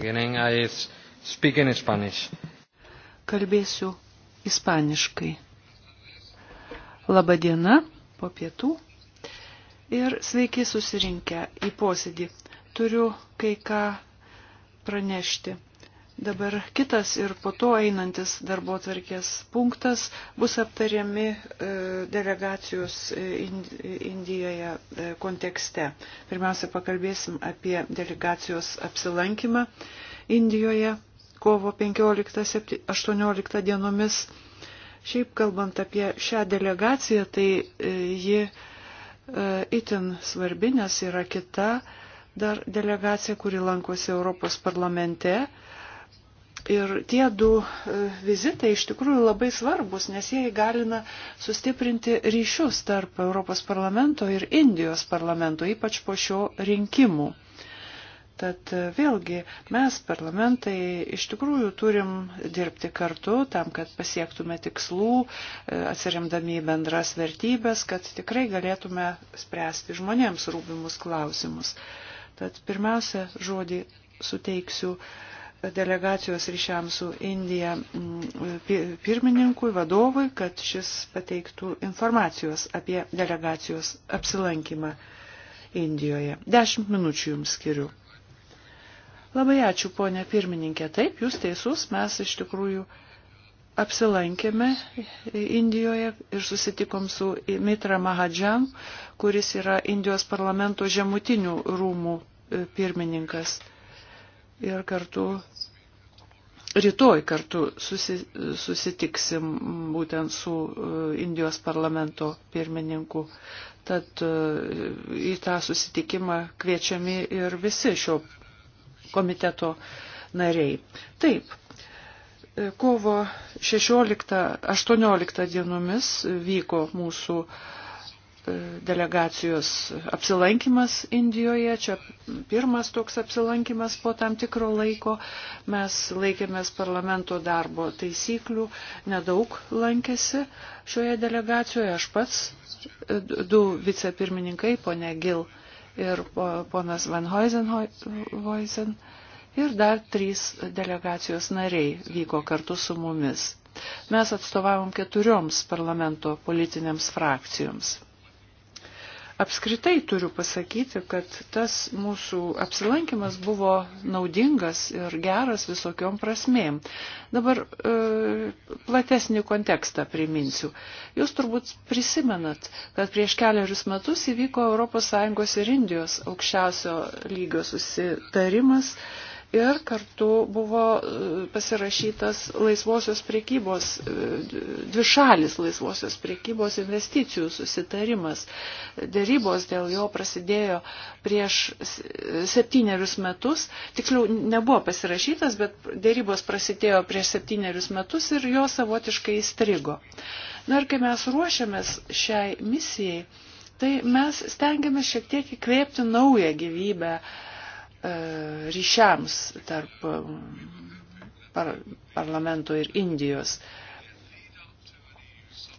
beginning I speak in Spanish. Kalbėsiu ispaniškai. Labadiena po pietų ir sveiki susirinkę į posėdį. Turiu kai ką pranešti. Dabar kitas ir po to einantis darbo tvarkės punktas bus aptariami e, delegacijos e, Indijoje e, kontekste. Pirmiausia, pakalbėsim apie delegacijos apsilankymą Indijoje kovo 15-18 dienomis. Šiaip kalbant apie šią delegaciją, tai ji itin svarbi, nes yra kita dar delegacija, kuri lankosi Europos parlamente Ir tie du e, vizitai iš tikrųjų labai svarbus, nes jie įgalina sustiprinti ryšius tarp Europos parlamento ir Indijos parlamento, ypač po šio rinkimų. Tad e, vėlgi mes parlamentai iš tikrųjų turim dirbti kartu tam, kad pasiektume tikslų, e, atsiremdami į bendras vertybės, kad tikrai galėtume spręsti žmonėms rūpimus klausimus. Tad pirmiausia, žodį suteiksiu uh, delegacijos ryšiams su Indija mm, pirmininkui, vadovui, kad šis pateiktų informacijos apie delegacijos apsilankymą Indijoje. Dešimt minučių jums skiriu. Labai ačiū, ponė pirmininkė. Taip, jūs teisus, mes iš tikrųjų apsilankėme Indijoje ir susitikom su Mitra Mahadžan, kuris yra Indijos parlamento žemutinių rūmų e, pirmininkas ir kartu rytoj kartu susi, susitiksim būtent su e, Indijos parlamento pirmininku. Tad e, į tą susitikimą kviečiami ir visi šio komiteto nariai. Taip, e, kovo 16-18 dienomis vyko mūsų uh, E, delegacijos apsilankimas Indijoje. Čia pirmas toks apsilankimas po tam tikro laiko. Mes laikėmės parlamento darbo taisyklių, nedaug lankėsi šioje delegacijoje. Aš pats, e, du vicepirmininkai, ponė Gil ir ponas Van Hoizen. Ir dar trys delegacijos nariai vyko kartu su mumis. Mes atstovavom keturioms parlamento politinėms frakcijoms. Apskritai turiu pasakyti, kad tas mūsų apsilankimas buvo naudingas ir geras visokiom prasmėm. Dabar e, platesnį kontekstą priminsiu. Jūs turbūt prisimenat, kad prieš keliarius metus įvyko ES ir Indijos aukščiausio lygio susitarimas. E, ir kartu buvo e, pasirašytas laisvosios priekybos, e, dvišalis laisvosios priekybos investicijų susitarimas. Dėrybos dėl jo prasidėjo prieš e, septynerius metus, tiksliau nebuvo pasirašytas, bet dėrybos prasidėjo prieš septynerius metus ir jo savotiškai įstrigo. Na ir kai mes ruošiamės šiai misijai, tai mes stengiamės šiek tiek įkvėpti naują gyvybę uh, E, ryšiams tarp e, par parlamento ir Indijos.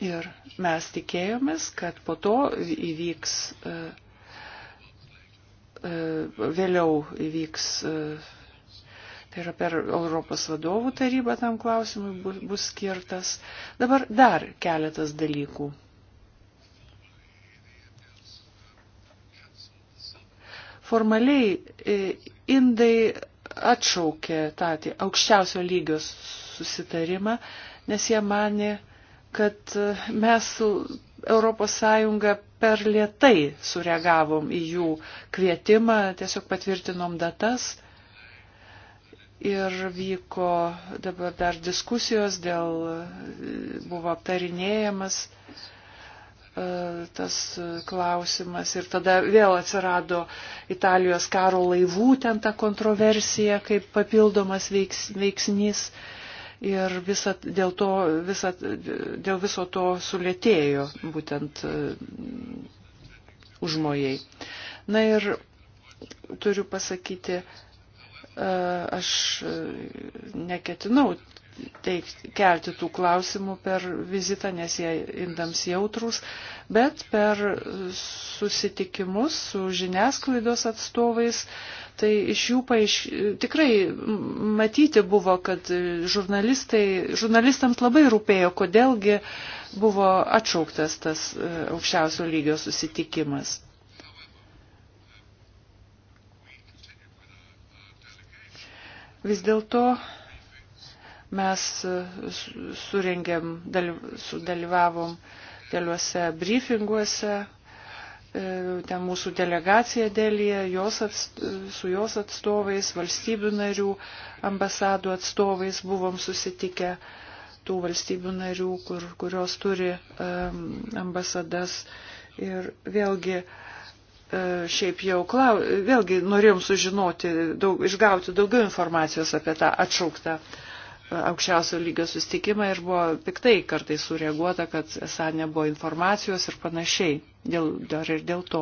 Ir mes tikėjomės, kad po to įvyks, e, vėliau įvyks, tai yra per Europos vadovų tarybą tam klausimui bus skirtas. Dabar dar keletas dalykų. Formaliai e, indai atšaukė tą aukščiausio lygio susitarimą, nes jie manė, kad e, mes ES per lietai sureagavom į jų kvietimą, tiesiog patvirtinom datas ir vyko dabar dar diskusijos dėl, e, buvo aptarinėjamas E, tas klausimas. Ir tada vėl atsirado Italijos karo laivų ten ta kontroversija kaip papildomas veiks, veiksnys. Ir visa, dėl, to, visa, dėl viso to sulėtėjo būtent e, užmojai. Na ir turiu pasakyti, e, aš neketinau teikti, kelti tų klausimų per vizitą, nes jie indams jautrus, bet per susitikimus su žiniasklaidos atstovais, tai iš jų paaiš... tikrai matyti buvo, kad žurnalistams labai rūpėjo, kodėlgi buvo atšauktas tas e, aukščiausio lygio susitikimas. Vis dėlto Mes e, surengėm, sudalyvavom keliuose briefinguose, e, ten mūsų delegacija dėlėje, jos atst, su jos atstovais, valstybių narių, ambasadų atstovais buvom susitikę tų valstybių narių, kur, kurios turi um, ambasadas. Ir vėlgi, šiaip jau, klau, vėlgi norėjom sužinoti, daug, išgauti daugiau informacijos apie tą atšauktą uh, aukščiausio lygio sustikimą ir buvo piktai kartai sureaguota, kad esą nebuvo informacijos ir panašiai, dėl, dar ir dėl to.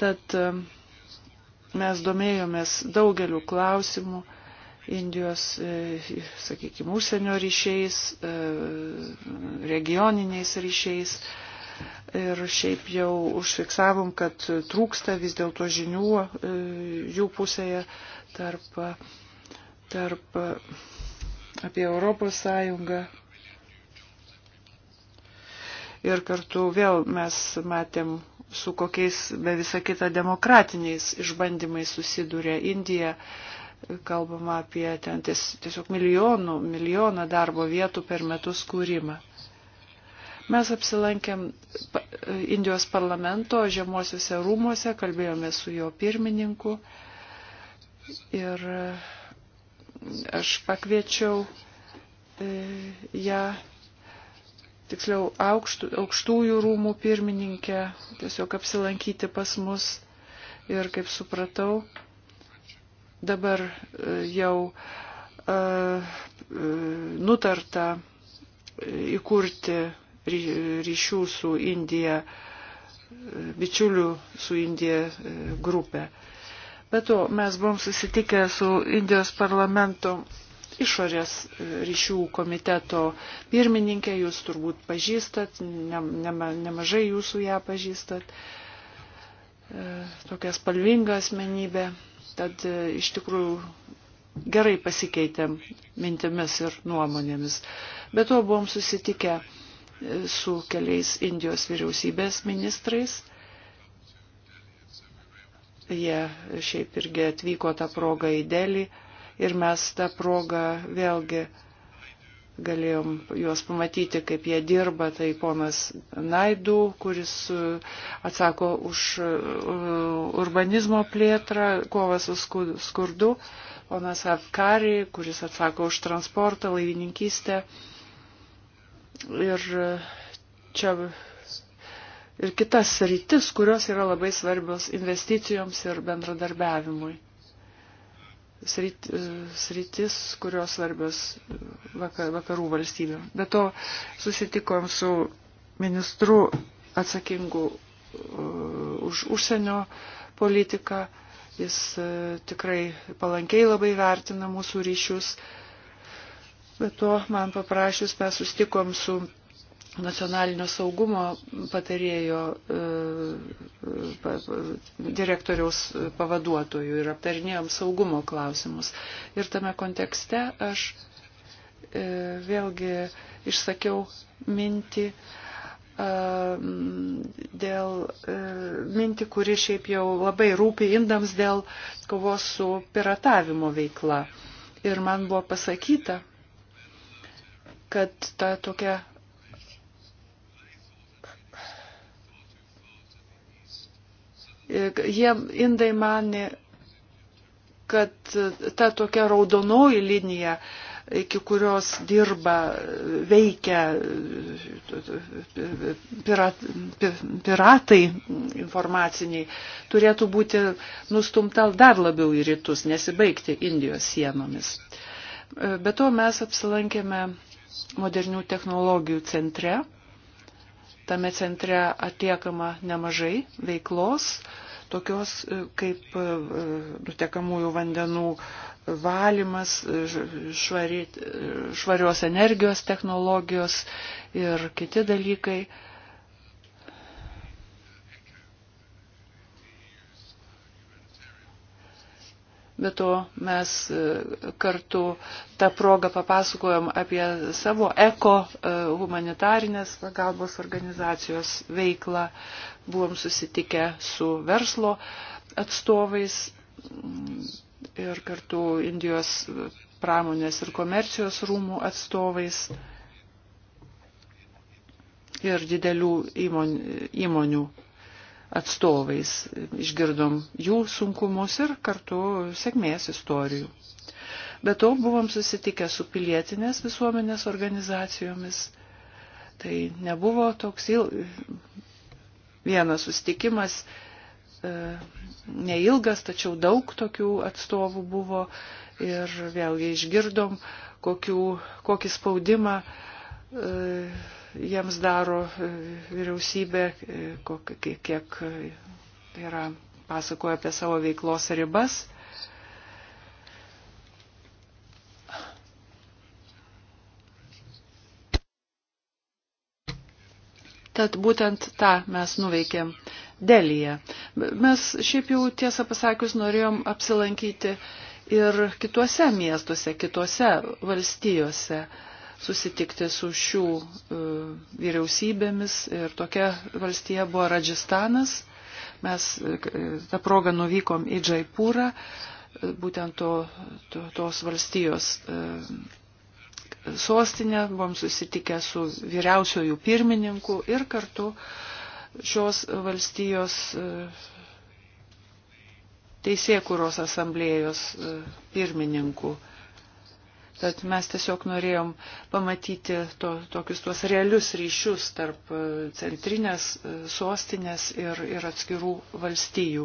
Tad e, mes domėjomės daugeliu klausimų Indijos, e, sakykime, užsienio ryšiais, e, regioniniais ryšiais. Ir šiaip jau užfiksavom, kad trūksta vis dėlto žinių jų pusėje tarp tarp apie Europos Sąjungą. Ir kartu vėl mes matėm, su kokiais be visą kitą demokratiniais išbandymais susidūrė Indija. Kalbama apie ten tiesiog milijonų, milijoną darbo vietų per metus kūrimą. Mes apsilankėm Indijos parlamento žemosiuose rūmuose, kalbėjome su jo pirmininku ir Aš pakviečiau e, ją, tiksliau, aukštų, aukštųjų rūmų pirmininkę tiesiog apsilankyti pas mus ir, kaip supratau, dabar e, jau e, nutarta įkurti ryšių su Indija, bičiulių su Indija grupę. Bet to mes buvom susitikę su Indijos parlamento išorės ryšių komiteto pirmininkė, jūs turbūt pažįstat, ne, ne, nemažai jūsų ją pažįstat, e, tokia spalvinga asmenybė, tad e, iš tikrųjų gerai pasikeitėm mintimis ir nuomonėmis. Bet to buvom susitikę e, su keliais Indijos vyriausybės ministrais Jie šiaip irgi atvyko tą progą į Delį ir mes tą progą vėlgi galėjom juos pamatyti, kaip jie dirba. Tai ponas Naidų, kuris uh, atsako už uh, urbanizmo plėtrą, kovą su skurdu, ponas Afkari, kuris atsako už transportą, laivininkystę. Ir uh, čia ir kitas rytis, kurios yra labai svarbios investicijoms ir bendradarbiavimui. Srit, sritis, kurios svarbios vakarų valstybių. Be to susitikom su ministru atsakingu uh, už užsienio politiką. Jis uh, tikrai palankiai labai vertina mūsų ryšius. Bet to man paprašius mes sustikom su nacionalinio saugumo patarėjo e, e, direktoriaus pavaduotojų ir aptarinėjom saugumo klausimus. Ir tame kontekste aš e, vėlgi išsakiau mintį dėl mintį, kuri šiaip jau labai rūpi indams dėl kovos su piratavimo veikla. Ir man buvo pasakyta, kad ta tokia Jie indai mane, kad ta tokia raudonoji linija, iki kurios dirba, veikia pirat, piratai informaciniai, turėtų būti nustumta dar labiau į rytus, nesibaigti Indijos sienomis. Be to mes apsilankėme modernių technologijų centre Tame centre atliekama nemažai veiklos, tokios e, kaip e, e, nutekamųjų vandenų valymas, švari, švarios energijos technologijos ir kiti dalykai. Be to mes e, kartu tą progą papasakojom apie savo eko e, humanitarinės pagalbos organizacijos veiklą. Buvom susitikę su verslo atstovais mm, ir kartu Indijos pramonės ir komercijos rūmų atstovais ir didelių įmonių, įmonių atstovais. Išgirdom jų sunkumus ir kartu sėkmės istorijų. Be to buvom susitikę su pilietinės visuomenės organizacijomis. Tai nebuvo toks il... vienas susitikimas, e, neilgas, tačiau daug tokių atstovų buvo ir vėlgi išgirdom, kokių, kokį spaudimą e, jiems daro e, vyriausybė, e, kiek yra pasakoja apie savo veiklos ribas. Tad būtent tą mes nuveikėm Delyje. Mes šiaip jau tiesą pasakius norėjom apsilankyti ir kituose miestuose, kituose valstijose. Uh, susitikti su šių e, vyriausybėmis ir tokia valstija buvo Radžistanas. Mes e, e, tą progą nuvykom į Džaipūrą, būtent to, to, tos valstijos sostinę, buvom susitikę su vyriausiojų pirmininku ir kartu šios valstijos teisėkuros asamblėjos pirmininku. Tad mes tiesiog norėjom pamatyti to, tokius tuos realius ryšius tarp e, centrinės e, sostinės ir, ir atskirų valstijų.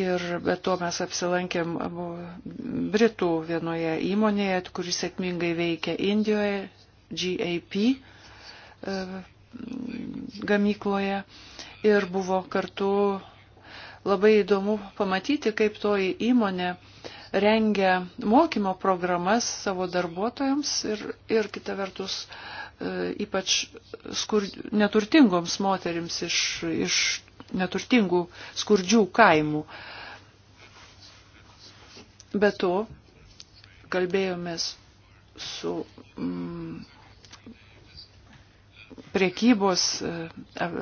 Ir be to mes apsilankėm Britų vienoje įmonėje, kuris sėkmingai veikia Indijoje, GAP e, gamykloje. Ir buvo kartu labai įdomu pamatyti, kaip toji įmonė uh, rengia mokymo programas savo darbuotojams ir, ir kita vertus e, ypač skur, neturtingoms moterims iš, iš neturtingų skurdžių kaimų. Be to, kalbėjomės su mm, priekybos e,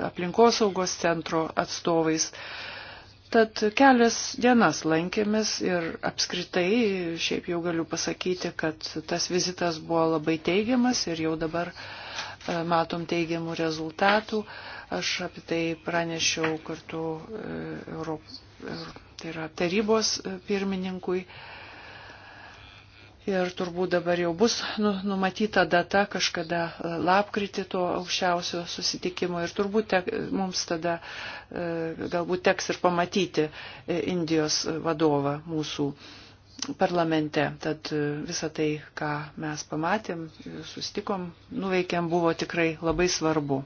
aplinkosaugos centro atstovais. E, Tad kelias dienas lankėmės ir apskritai, šiaip jau galiu pasakyti, kad tas vizitas buvo labai teigiamas ir jau dabar e, matom teigiamų rezultatų. Aš apie tai pranešiau kartu e, Europos, tai yra tarybos e, pirmininkui. E, Ir turbūt dabar jau bus nu, numatyta data kažkada e, lapkritį to aukščiausio susitikimo ir turbūt tek, mums tada e, galbūt teks ir pamatyti e, Indijos vadovą mūsų parlamente. Tad visa tai, ką mes pamatėm, sustikom, nuveikėm, buvo tikrai labai svarbu.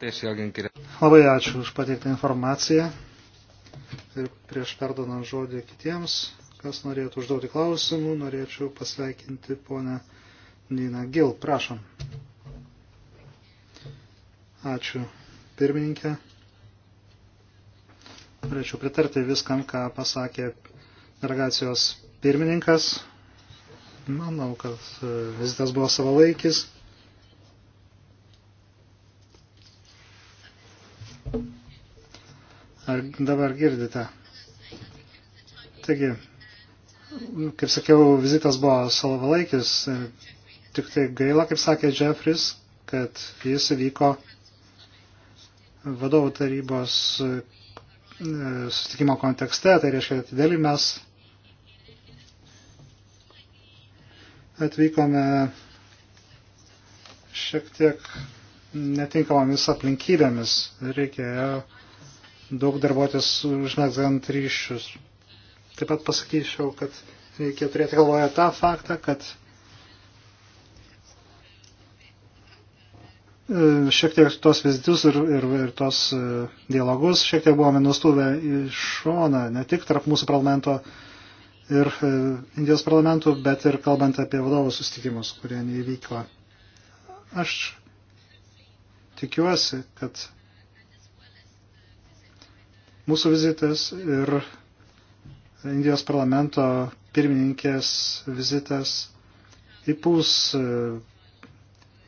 Labai ačiū už pateiktą informaciją ir prieš perdonant žodį kitiems kas norėtų užduoti klausimų, norėčiau pasveikinti ponę Nina Gil. Prašom. Ačiū, pirmininkė. Norėčiau pritarti viskam, ką pasakė delegacijos pirmininkas. Manau, kad e, vizitas buvo savalaikis. Ar dabar girdite? Taigi, kaip sakiau, vizitas buvo salavalaikis, tik tai gaila, kaip sakė Jeffris, kad jis vyko vadovų tarybos e, susitikimo kontekste, tai reiškia, kad dėl mes atvykome šiek tiek netinkamomis aplinkybėmis, reikėjo daug darbuotis užmėgzant ryšius. Taip pat pasakyčiau, kad reikia turėti galvoje tą faktą, kad e, šiek tiek tos vizitus ir, ir, ir tos e, dialogus šiek tiek buvome nustuvę į šoną, ne tik tarp mūsų parlamento ir e, Indijos parlamentų, bet ir kalbant apie vadovų susitikimus, kurie neįvyko. Aš tikiuosi, kad mūsų vizitas ir Indijos parlamento pirmininkės vizitas įpūs e,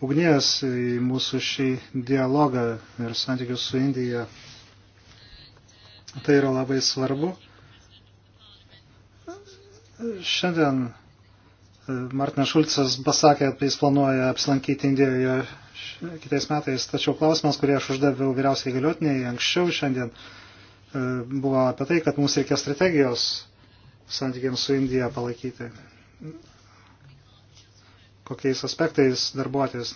ugnies į mūsų šį dialogą ir santykius su Indija. Tai yra labai svarbu. Šiandien e, Martinas Šulcas pasakė, kad jis planuoja apsilankyti Indijoje kitais metais, tačiau klausimas, kurį aš uždaviau vyriausiai galiotiniai anksčiau šiandien, E, buvo apie tai, kad mums reikia strategijos santykiams su Indija palaikyti. Kokiais aspektais darbuotis.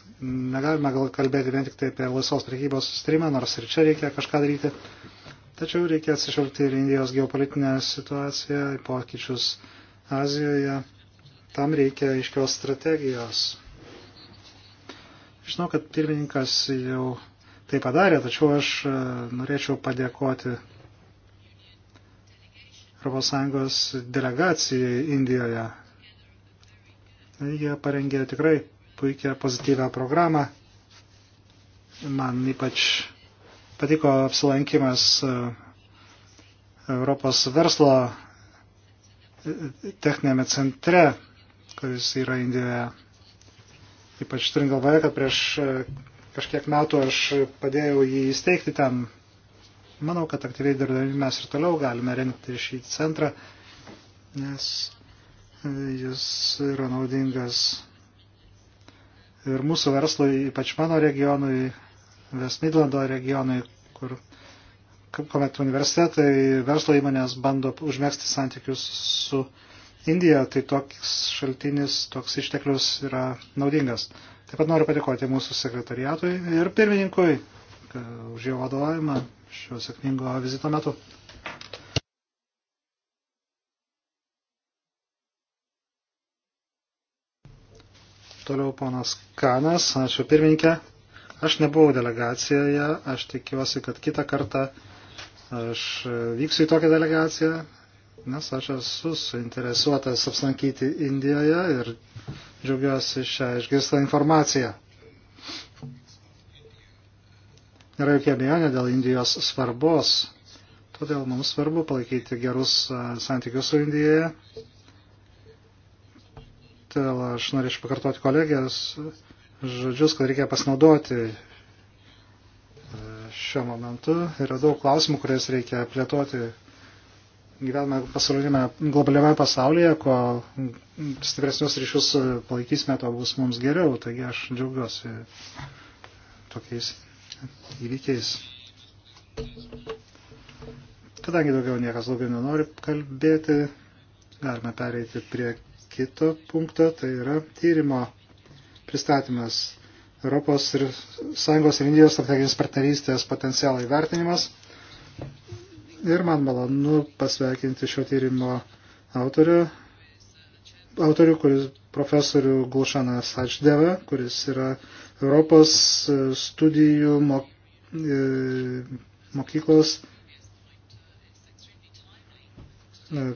Negalime gal kalbėti vien tik tai apie laisvos prekybos sustrimą, nors ir čia reikia kažką daryti. Tačiau reikia atsižvelgti ir Indijos geopolitinę situaciją, pokyčius Azijoje. Tam reikia aiškios strategijos. Žinau, kad pirmininkas jau tai padarė, tačiau aš e, norėčiau padėkoti ES delegacijai Indijoje. Jie parengė tikrai puikią pozityvę programą. Man ypač patiko apsilankimas e, Europos verslo e, techninėme centre, kuris yra Indijoje. Ypač turint galvoje, kad prieš e, kažkiek metų aš padėjau jį įsteigti ten Manau, kad aktyviai dirbdami mes ir toliau galime rengti šį centrą, nes e, jis yra naudingas ir mūsų verslui, ypač mano regionui, West Midlando regionui, kur kuomet universitetai, verslo įmonės bando užmėgsti santykius su Indija, tai toks šaltinis, toks išteklius yra naudingas. Taip pat noriu padėkoti mūsų sekretariatui ir pirmininkui E, už jo vadovavimą šio sėkmingo vizito metu. Toliau ponas Kanas, ačiū pirmininkė. Aš nebuvau delegacijoje, aš tikiuosi, kad kitą kartą aš vyksiu į tokią delegaciją, nes aš esu suinteresuotas apsilankyti Indijoje ir džiaugiuosi šią išgirstą informaciją. Nėra jokia abejonė dėl Indijos svarbos. Todėl mums svarbu palaikyti gerus santykius su Indijoje. Todėl aš norėčiau pakartoti kolegijos žodžius, kad reikia pasinaudoti šiuo momentu. Yra daug klausimų, kuriais reikia plėtoti. Gyvename pasaulyme, globaliame pasaulyje, ko stipresnius ryšius palaikysime, to bus mums geriau. Taigi aš džiaugiuosi tokiais įvykiais. Kadangi daugiau niekas daugiau nenori kalbėti, galime pereiti prie kito punkto, tai yra tyrimo pristatymas Europos ir Sąjungos ir Indijos strateginės partnerystės potencialo įvertinimas. Ir man malonu pasveikinti šio tyrimo autorių, autorių kuris profesorių Gulšaną Sačdevą, kuris yra Europos e, studijų mok, e, mokyklos e,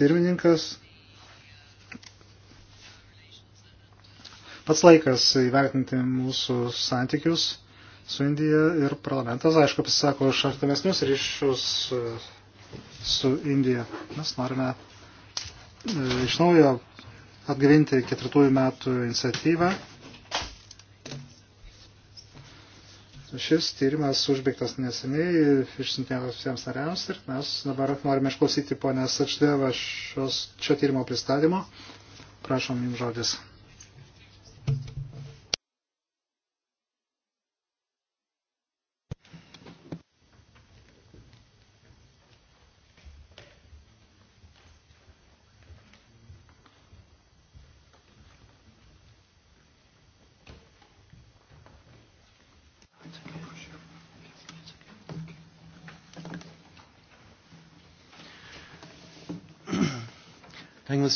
pirmininkas. Pats laikas įvertinti mūsų santykius su Indija ir parlamentas, aišku, pasisako už artimesnius ryšius su Indija. Mes norime iš naujo atgavinti ketvirtųjų metų iniciatyvą Šis tyrimas užbaigtas neseniai, išsintinėtas visiems nariams ir mes dabar norime išklausyti ponės Ačdevą šio tyrimo pristatymo. Prašom jums žodis.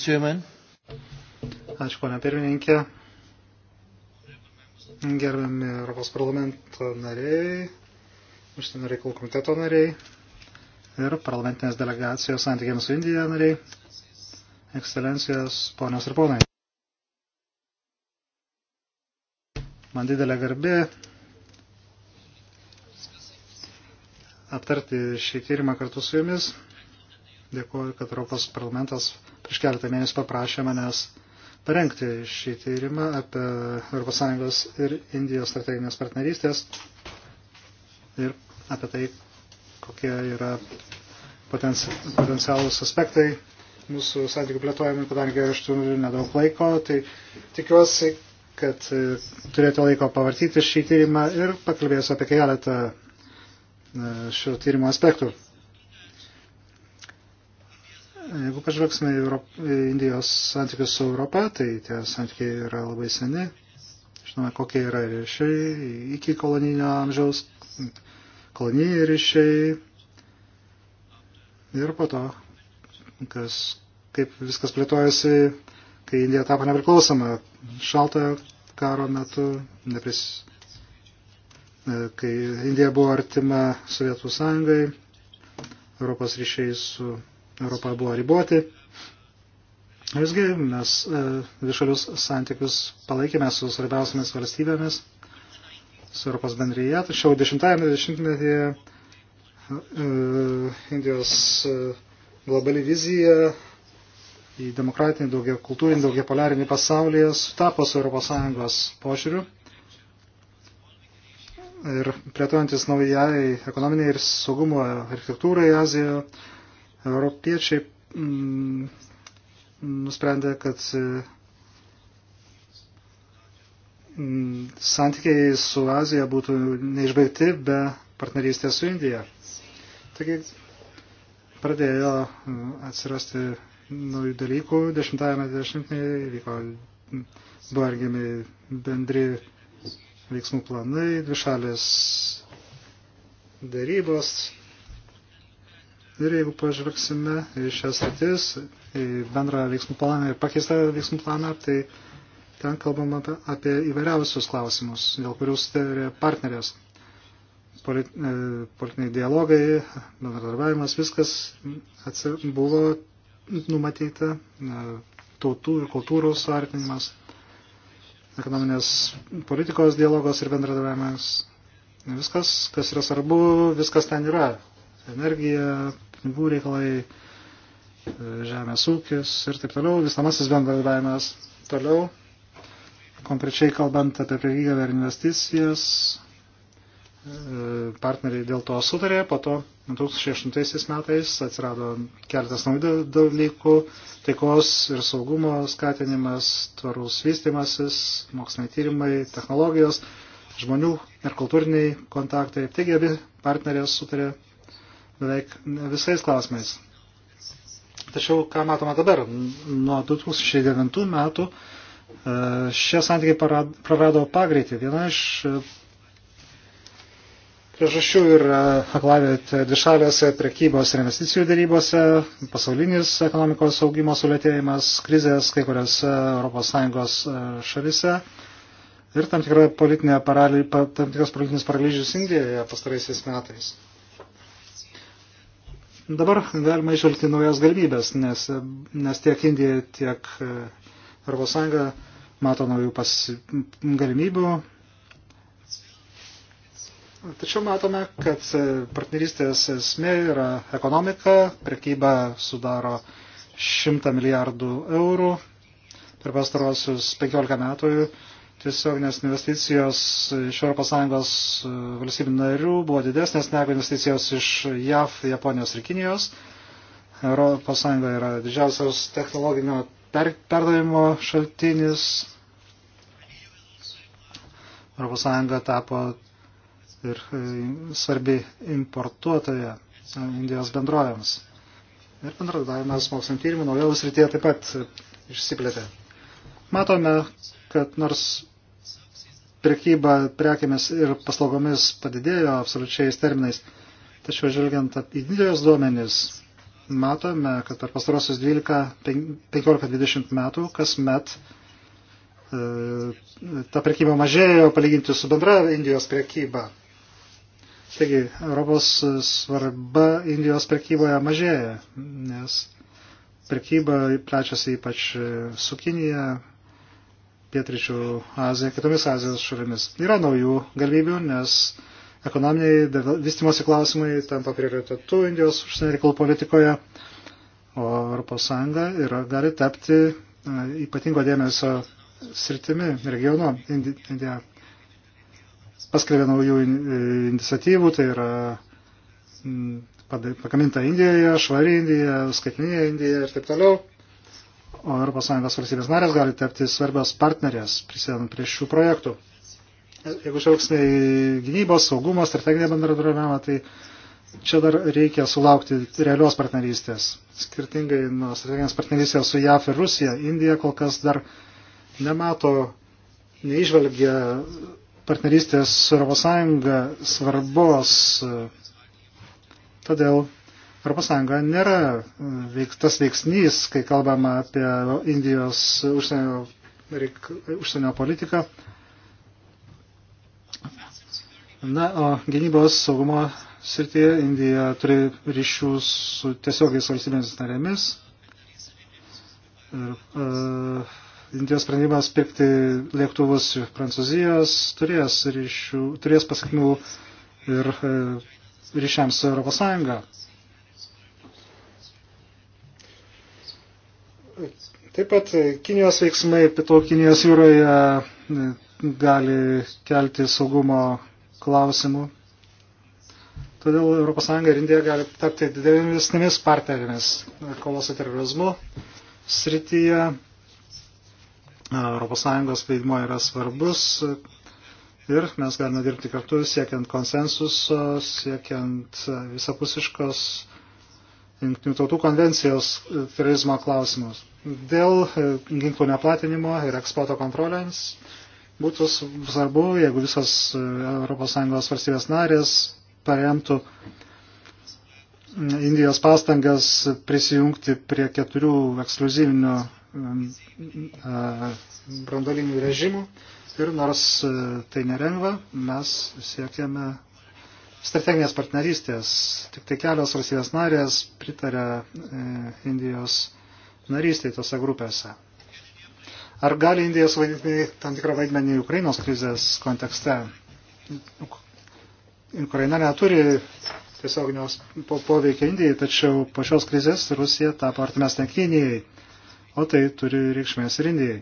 Chairman. Ačiū, ponia pirmininkė. Gerbiami Europos parlamento nariai, užsienio reikalų komiteto nariai ir parlamentinės delegacijos santykiams su Indija nariai, ekscelencijos ponios ir ponai. Man didelė garbė aptarti šį tyrimą kartu su jumis. Dėkuoju, kad Europos parlamentas prieš keletą mėnesių paprašė manęs parengti šį tyrimą apie ES ir Indijos strateginės partnerystės ir apie tai, kokie yra potenci potencialus aspektai mūsų santykių plėtojimui, kadangi aš turiu nedaug laiko, tai tikiuosi, kad e, turėtų laiko pavartyti šį tyrimą ir pakalbėsiu apie keletą e, šio tyrimo aspektų. Jeigu pažvelgsime į Europ... Indijos santykius su Europa, tai tie santykiai yra labai seni. Žinome, kokie yra ryšiai iki kolonijinio amžiaus, kolonijiniai ryšiai ir po to, kas, kaip viskas plėtojasi, kai Indija tapo nepriklausoma šaltojo karo metu, nepris, kai Indija buvo artima Sovietų sąjungai, Europos ryšiai su Europą buvo riboti. Visgi mes e, višalius santykius palaikėme su svarbiausiamis valstybėmis, su Europos bendryje. Tačiau 10-20-metyje e, Indijos e, globali vizija į demokratinį, daugia kultūrinį, daugia poliarinį pasaulį sutapo su ES požiūriu. Ir plėtojantis naujai ekonominiai ir saugumo architektūrai Azijoje, Europiečiai mm, nusprendė, kad mm, santykiai su Azija būtų neišbaigti be partnerystės su Indija. Taigi pradėjo mm, atsirasti naujų dalykų. Dešimtajame dešimtmetyje vyko mm, buvo argiami bendri veiksmų planai, dvišalės darybos, Ir jeigu pažvelgsime į šias sritis, į bendrą veiksmų planą ir pakeistą veiksmų planą, tai ten kalbam apie, apie įvairiausius klausimus, dėl kurių sutarė partnerės. Polit, e, politiniai dialogai, bendradarbiavimas, viskas atsi, buvo numatyta, e, tautų ir kultūrų suartinimas, ekonominės politikos dialogos ir bendradarbiavimas. Viskas, kas yra svarbu, viskas ten yra. Energija, pinigų reikalai, žemės ūkis ir taip toliau, visamasis bendradavimas toliau. Konkrečiai kalbant apie priekybę ir investicijas, partneriai dėl to sutarė, po to 2008 metais atsirado keletas naujų dalykų, taikos ir saugumo skatinimas, tvarus vystimasis, moksliniai tyrimai, technologijos, žmonių ir kultūriniai kontaktai. Taigi abi partnerės sutarė beveik visais klausimais. Tačiau, ką matome dabar, nuo 2009 metų e, šie santykiai prarado pagreitį. Viena iš e, priežasčių yra aklavėte dvišalėse prekybos ir investicijų darybose, pasaulinis ekonomikos augimo sulėtėjimas, krizės kai kuriuose ES e, šalise ir tam, tikra politinė, tam tikras politinis paralyžius Indijoje pastaraisiais metais. Dabar galima išvelgti naujas galimybės, nes, nes tiek Indija, tiek ES mato naujų pas, galimybių. Tačiau matome, kad e, partnerystės esmė yra ekonomika, prekyba sudaro 100 milijardų eurų per pastarosius 15 metų tiesioginės investicijos iš ES e, valstybių narių buvo didesnės negu investicijos iš JAV, Japonijos ir Kinijos. ES yra didžiausias technologinio per, perdavimo šaltinis. ES tapo ir e, svarbi importuotoja Indijos bendrovėms. Ir bendradavimas mokslinio tyrimų naujovės rytyje taip pat išsiplėtė. Matome, kad nors prekyba prekiamis ir paslaugomis padidėjo absoliučiais terminais, tačiau žvelgiant į Indijos duomenis, matome, kad per pastarosius 15-20 metų kasmet e, ta prekyba mažėjo palyginti su bendra Indijos prekyba. Taigi, Europos svarba Indijos prekyboje mažėja, nes prekyba plečiasi ypač e, su Kinija, Pietričių Aziją, kitomis Azijos šalimis. Yra naujų galimybių, nes ekonominiai vystimosi klausimai tampa prioritetu Indijos užsienio reikalų politikoje, o ES yra, gali tapti e, ypatingo dėmesio sritimi regiono Indi, Indija. Paskelbė naujų e, iniciatyvų, tai yra pagaminta Indijoje, švari Indija, skaitminė Indija ir taip toliau o ES valstybės narės gali tapti svarbios partnerės prisidedant prie šių projektų. Jeigu žiaugsime į gynybos, saugumo, strateginę bendradarbiavimą, tai čia dar reikia sulaukti realios partnerystės. Skirtingai nuo strateginės partnerystės su JAF ir Rusija, Indija kol kas dar nemato, neižvelgia partnerystės su ES svarbos. Todėl ES nėra mm, veik, tas veiksnys, kai kalbama apie Indijos užsienio, reik, užsienio politiką. Na, o gynybos saugumo srityje Indija turi ryšių su tiesiogiais valstybėmis narėmis. Ir, uh, Indijos sprendimas pirkti lėktuvus iš Prancūzijos turės, ryšių, turės pasakmių ir e, ryšiams su Europos Sąjunga. Taip pat e, Kinijos veiksmai pietų Kinijos jūroje e, gali kelti saugumo klausimų. Todėl ES ir Indija gali tapti didelėmis partnerėmis kovos su terorizmu srityje. ES vaidmuo yra svarbus ir mes galime dirbti kartu siekiant konsensuso, siekiant e, visapusiškos Junktinių tautų konvencijos e, terorizmo klausimus. Dėl e, ginklų neplatinimo ir eksporto kontrolėms būtų svarbu, jeigu visos ES valstybės narės paremtų Indijos pastangas prisijungti prie keturių ekskluzyvinių brandolinių režimų. Ir nors e, tai nerengva, mes siekiame strateginės partnerystės. Tik tai kelios valstybės narės pritarė e, Indijos narystėje tose grupėse. Ar gali Indija suvaidinti tam tikrą vaidmenį Ukrainos krizės kontekste? Ukraina neturi tiesioginios poveikia Indijai, tačiau po šios krizės Rusija tapo artimesnė Kinijai, o tai turi reikšmės ir Indijai.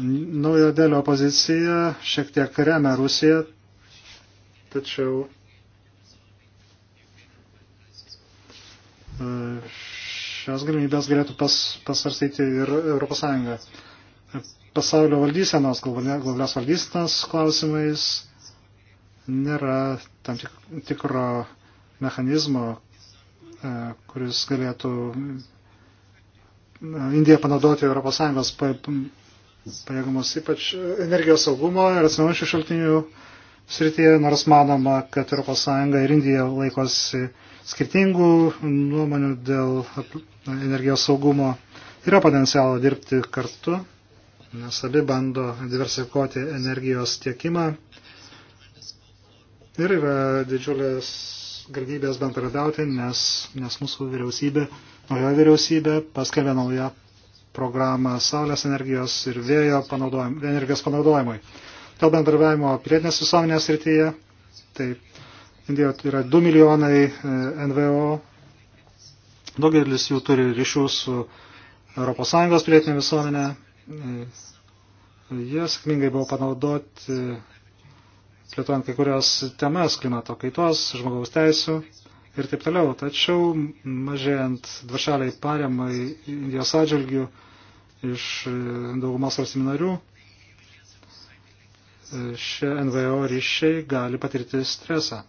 Naujo dėlio opozicija šiek tiek remia Rusiją, Tačiau e, šias galimybės galėtų pas, pasvarstyti ir ES. Pasaulio valdysenos, globalios valdysenos klausimais nėra tam tik, tikro mechanizmo, e, kuris galėtų Indiją panaudoti ES pajėgumus, ypač energijos saugumo ir atsinaujančių šaltinių srityje, nors manoma, kad ES ir Indija laikosi skirtingų nuomonių dėl energijos saugumo. Yra potencialo dirbti kartu, nes abi bando diversifikuoti energijos tiekimą. Ir yra didžiulės galimybės bendradauti, nes, nes mūsų vyriausybė, nauja vyriausybė paskelbė naują programą saulės energijos ir vėjo panaudojim, energijos panaudojimui. Dėl bendradarbiavimo pilietinės visuomenės rytyje, tai Indijoje yra 2 milijonai e, NVO, daugelis jų turi ryšių su ES pilietinė visuomenė. E, jie sėkmingai buvo panaudoti plėtojant kai kurios temas klimato kaitos, žmogaus teisų ir taip toliau. Tačiau mažėjant dvišaliai paremai Indijos atžvilgių iš e, daugumos valstybių narių, šie NVO ryšiai gali patirti stresą.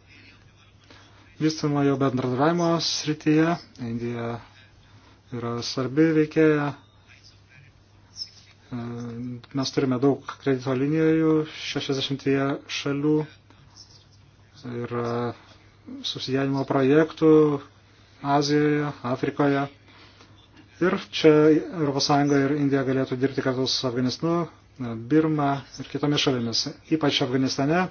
Vystamojo bendradarbiavimo srityje Indija yra svarbi veikėja. E, mes turime daug kredito linijų 60 šalių ir susidienimo projektų Azijoje, Afrikoje. Ir čia ES ir Indija galėtų dirbti kartu su Afganistanu, Birma ir kitomis šalimis. Ypač Afganistane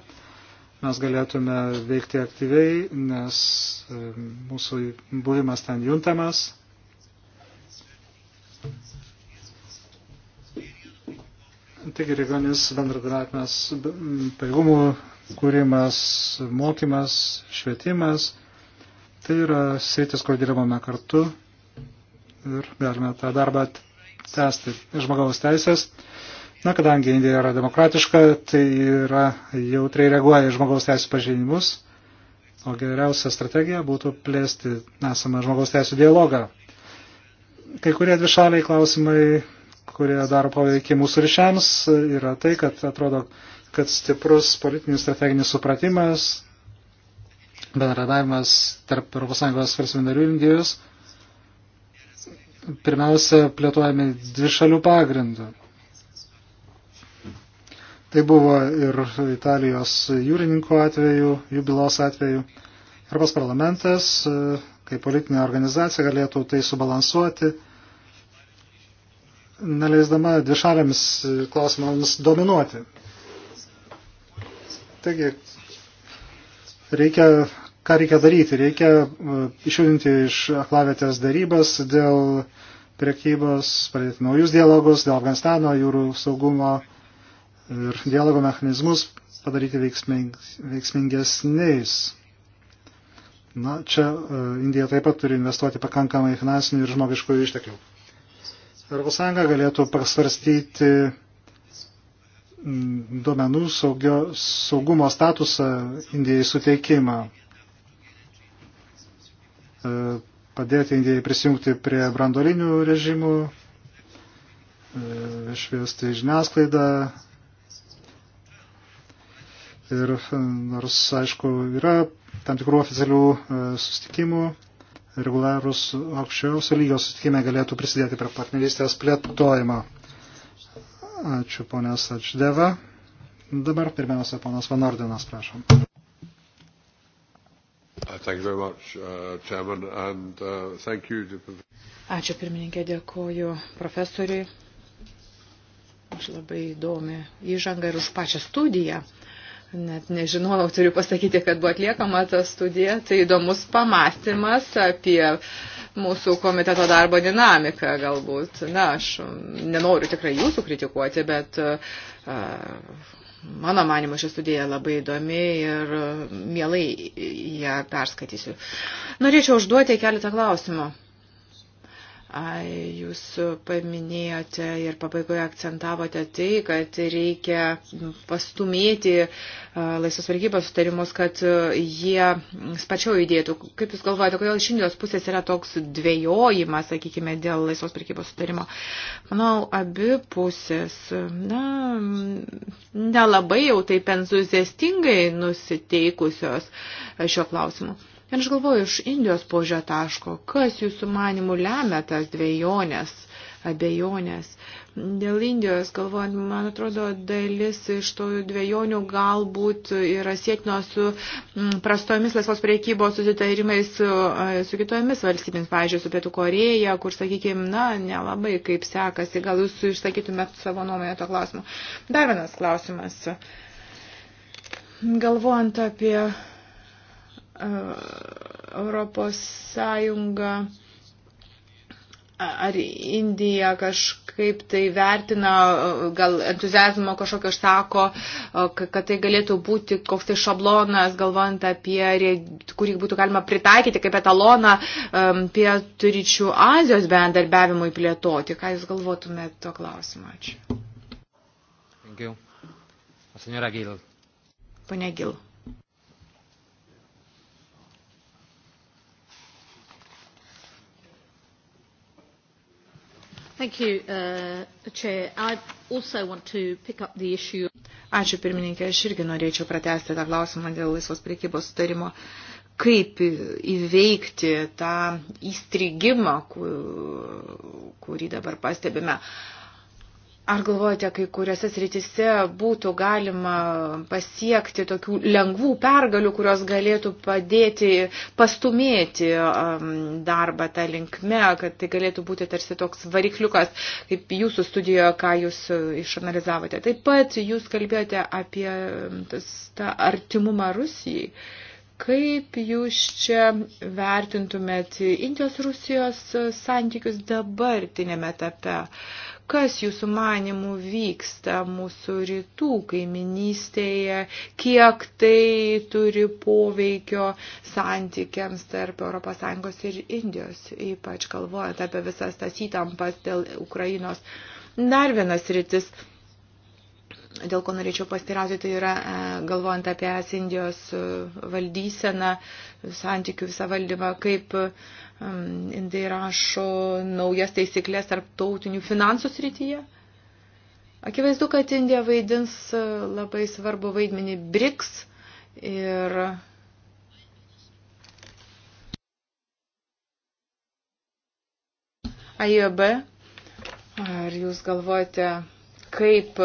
mes galėtume veikti aktyviai, nes e, mūsų buvimas ten juntamas. Taigi regionis bendradarbiavimas, pajėgumų kūrimas, mokymas, švietimas. Tai yra sritis, kur dirbame kartu ir galime tą darbą tęsti. Žmogaus teisės. Na, kadangi Indija yra demokratiška, tai yra jautriai reaguoja į žmogaus teisų pažeidimus, o geriausia strategija būtų plėsti esamą žmogaus teisų dialogą. Kai kurie dvišaliai klausimai, kurie daro poveikį mūsų ryšiams, yra tai, kad atrodo, kad stiprus politinis strateginis supratimas, bendradavimas tarp ES valstybių narių Indijos, pirmiausia plėtojami dvi šalių pagrindų. Tai buvo ir Italijos jūrininko atveju, jų bylos atveju. Europos parlamentas, e, kaip politinė organizacija, galėtų tai subalansuoti, neleisdama dvišalėms klausimams dominuoti. Taigi, reikia, ką reikia daryti? Reikia e, išjudinti iš aklavėtės darybas dėl priekybos, pradėti naujus dialogus dėl Afganistano jūrų saugumo ir dialogo mechanizmus padaryti veiksming, veiksmingesniais. Na, čia e, Indija taip pat turi investuoti pakankamai finansinių ir žmogiškųjų išteklių. ES galėtų pasvarstyti mm, duomenų saugio, saugumo statusą Indijai suteikimą, e, padėti Indijai prisijungti prie brandolinių režimų, e, šviesti žiniasklaidą, Ir nors, aišku, yra tam tikrų oficialių e, sustikimų, reguliarūs aukščiausio lygio sustikimai galėtų prisidėti prie partnerystės plėtojimo. Ačiū, ponės Ačdeva. Dabar pirmiausia, ponas Van Ordenas, prašom. Uh, uh, uh, Ačiū pirmininkė, dėkoju profesoriui už labai įdomią įžangą ir už pačią studiją. Net nežinojau, turiu pasakyti, kad buvo atliekama ta studija. Tai įdomus pamastymas apie mūsų komiteto darbo dinamiką galbūt. Na, aš nenoriu tikrai jūsų kritikuoti, bet uh, mano manimo ši studija labai įdomi ir mielai ją perskaitysiu. Norėčiau užduoti keletą klausimų. Jūs paminėjote ir pabaigoje akcentavote tai, kad reikia pastumėti laisvos vargybos sutarimus, kad jie sparčiau judėtų. Kaip Jūs galvojate, kodėl iš Indijos pusės yra toks dvėjojimas, sakykime, dėl laisvos vargybos sutarimo? Manau, abi pusės, na, nelabai jau taip entuziastingai nusiteikusios šiuo klausimu. Ir aš galvoju, iš Indijos požio taško, kas jūsų manimų lemia tas dviejonės, abejonės. Dėl Indijos, galvojant, man atrodo, dalis iš tų dviejonių galbūt yra sėtino su mm, prastomis laisvos priekybos susitarimais su, su kitomis valstybėmis, pavyzdžiui, su Pietų Koreja, kur, sakykime, na, nelabai kaip sekasi, gal jūs išsakytumėt savo nuomonę to klausimu. Dar vienas klausimas. Galvojant apie Europos Sąjunga ar Indija kažkaip tai vertina, gal entuzijazmo kažkokio išsako, kad tai galėtų būti koks tai šablonas, galvojant apie, kurį būtų galima pritaikyti kaip etaloną pieturičių Azijos bendarbiavimui plėtoti. Ką Jūs galvotumėte to klausimą? Ačiū. Pane Gil. Thank you, uh, Chair. I also want to pick up the issue. Ačiū pirmininkė, aš irgi norėčiau pratesti tą klausimą dėl laisvos priekybos sutarimo. Kaip įveikti tą įstrigimą, kurį dabar pastebime? Uh, Ar galvojate, kai kuriuose srityse būtų galima pasiekti tokių lengvų pergalių, kurios galėtų padėti pastumėti um, darbą tą linkme, kad tai galėtų būti tarsi toks varikliukas, kaip jūsų studijoje, ką jūs uh, išanalizavote. Taip pat jūs kalbėjote apie um, tas, tą artimumą Rusijai. Kaip jūs čia vertintumėt Indijos Rusijos uh, santykius dabartinėme etape? Uh, Kas jūsų manimų vyksta mūsų rytų kaiminystėje, kiek tai turi poveikio santykiams tarp ES ir Indijos, ypač kalbuojant apie visas tas įtampas dėl Ukrainos. Dar vienas rytis dėl ko norėčiau pastirauti, tai yra e, galvojant apie es Indijos e, valdyseną, santykių visą valdymą, kaip um, indai rašo naujas taisyklės tarptautinių finansų srityje. Akivaizdu, kad Indija vaidins uh, labai svarbu vaidmenį BRICS ir AIB. E Ar jūs galvojate, kaip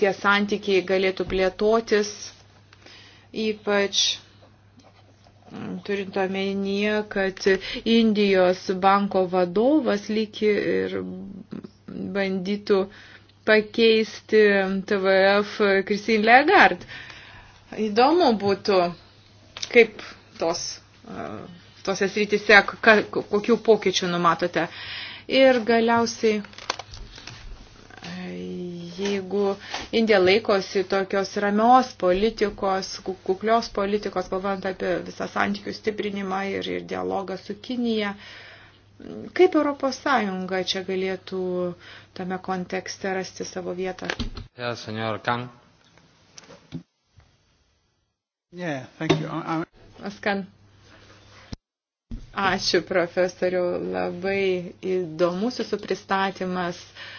tie santykiai galėtų plėtotis ypač mm, turint omenyje, kad Indijos banko vadovas lyg ir bandytų pakeisti TVF Christine Lagarde. Įdomu būtų, kaip tos, e, tose srityse, kokių pokyčių numatote. Ir galiausiai jeigu Indija laikosi tokios ramios politikos, kuklios politikos, galvant apie visą santykių stiprinimą ir, ir dialogą su Kinija, kaip ES čia galėtų tame kontekste rasti savo vietą? Ja, yeah, Askan. Ačiū, profesoriu, labai įdomus jūsų pristatymas. Uh,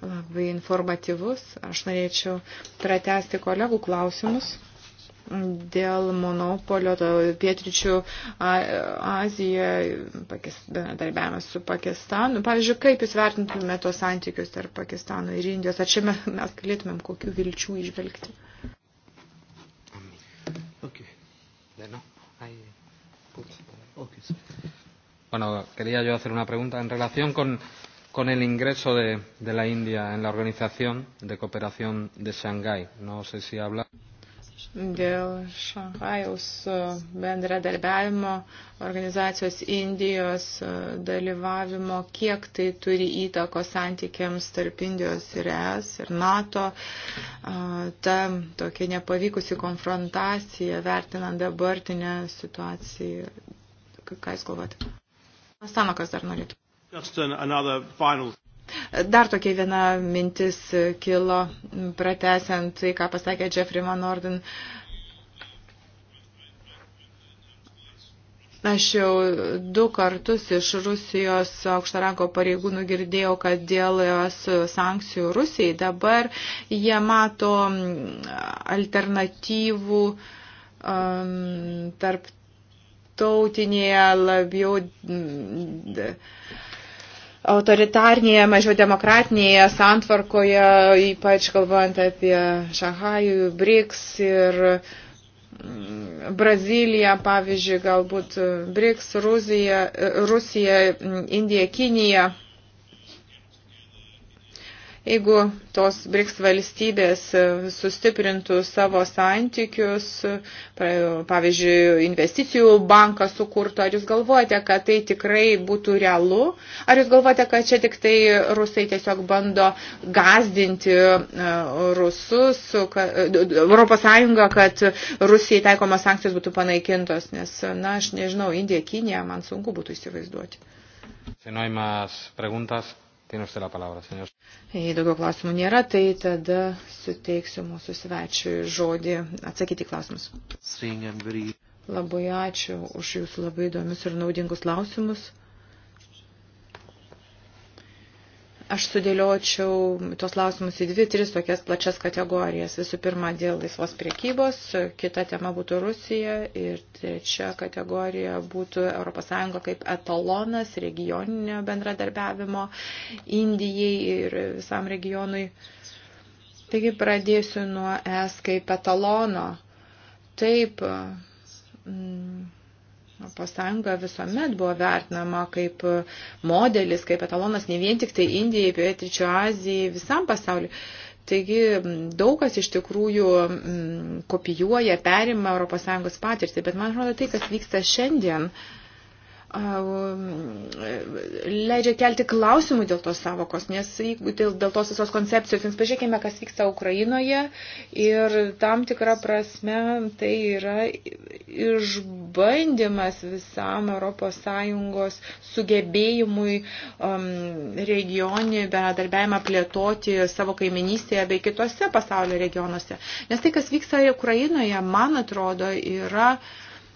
labai informatyvus. Aš norėčiau pratesti kolegų klausimus dėl monopolio pietričių Azijoje, bendradarbiavimas su Pakistanu. Pavyzdžiui, kaip jūs vertintumėte tos santykius tarp Pakistano ir Indijos? Ar čia mes galėtumėm kokių vilčių išvelgti? Okay. No, I... okay. Bueno, quería yo hacer una pregunta en relación con con el ingreso de, de la India en la Organización de Cooperación de Shanghái. No sé si habla. Dėl Šanhajaus uh, bendradarbiavimo organizacijos Indijos uh, dalyvavimo, kiek tai turi įtako santykiams tarp Indijos ir ES ir NATO, uh, ta tokia nepavykusi konfrontacija, vertinant dabartinę situaciją, ką jūs galvojate? Stanokas dar norėtų. Dar tokia viena mintis kilo, pratesiant tai, ką pasakė Jeffrey Van Orden. Aš jau du kartus iš Rusijos aukštaranko pareigūnų girdėjau, kad dėl jos sankcijų Rusijai dabar jie mato alternatyvų um, tarptautinėje labiau. D, autoritarnėje, mažiau demokratinėje santvarkoje, ypač kalbant apie Šahajų, BRICS ir mm, Brazilija, pavyzdžiui, galbūt BRICS, Rusija, Rusija Indija, Kinija. Jeigu tos BRICS valstybės e, sustiprintų savo santykius, pavyzdžiui, investicijų banką sukurtų, ar jūs galvojate, kad tai tikrai būtų realu, ar jūs galvojate, kad čia tik tai rusai tiesiog bando gazdinti e, rusus, kad, e, Europos Sąjungą, kad Rusijai taikomos sankcijos būtų panaikintos, nes, na, aš nežinau, Indija, Kinija, man sunku būtų įsivaizduoti. Si no hay más preguntas, Ateina už tave palavras, senior. Jei daugiau klausimų nėra, tai tada suteiksiu mūsų svečiui žodį atsakyti klausimus. Labai ačiū už jūsų labai įdomius ir naudingus klausimus. Aš sudėliočiau tuos klausimus į dvi, tris tokias plačias kategorijas. Visų pirma, dėl laisvos priekybos, kita tema būtų Rusija ir trečia kategorija būtų ES kaip etalonas regioninio bendradarbiavimo Indijai ir visam regionui. Taigi pradėsiu nuo es kaip etalono. Taip. Mm, Europos Sąjunga visuomet buvo vertinama kaip modelis, kaip etalonas ne vien tik tai Indijai, Pietričio Azijai, visam pasauliu. Taigi daug kas iš tikrųjų kopijuoja, perima ES patirtį, bet man atrodo tai, kas vyksta šiandien, uh, leidžia kelti klausimų dėl tos savokos, nes dėl, dėl tos visos koncepcijos, nes pažiūrėkime, kas vyksta Ukrainoje ir tam tikrą prasme tai yra išbandymas visam ES sugebėjimui um, regionį bendradarbiavimą plėtoti savo kaiminystėje bei kitose pasaulio regionuose. Nes tai, kas vyksta Ukrainoje, man atrodo, yra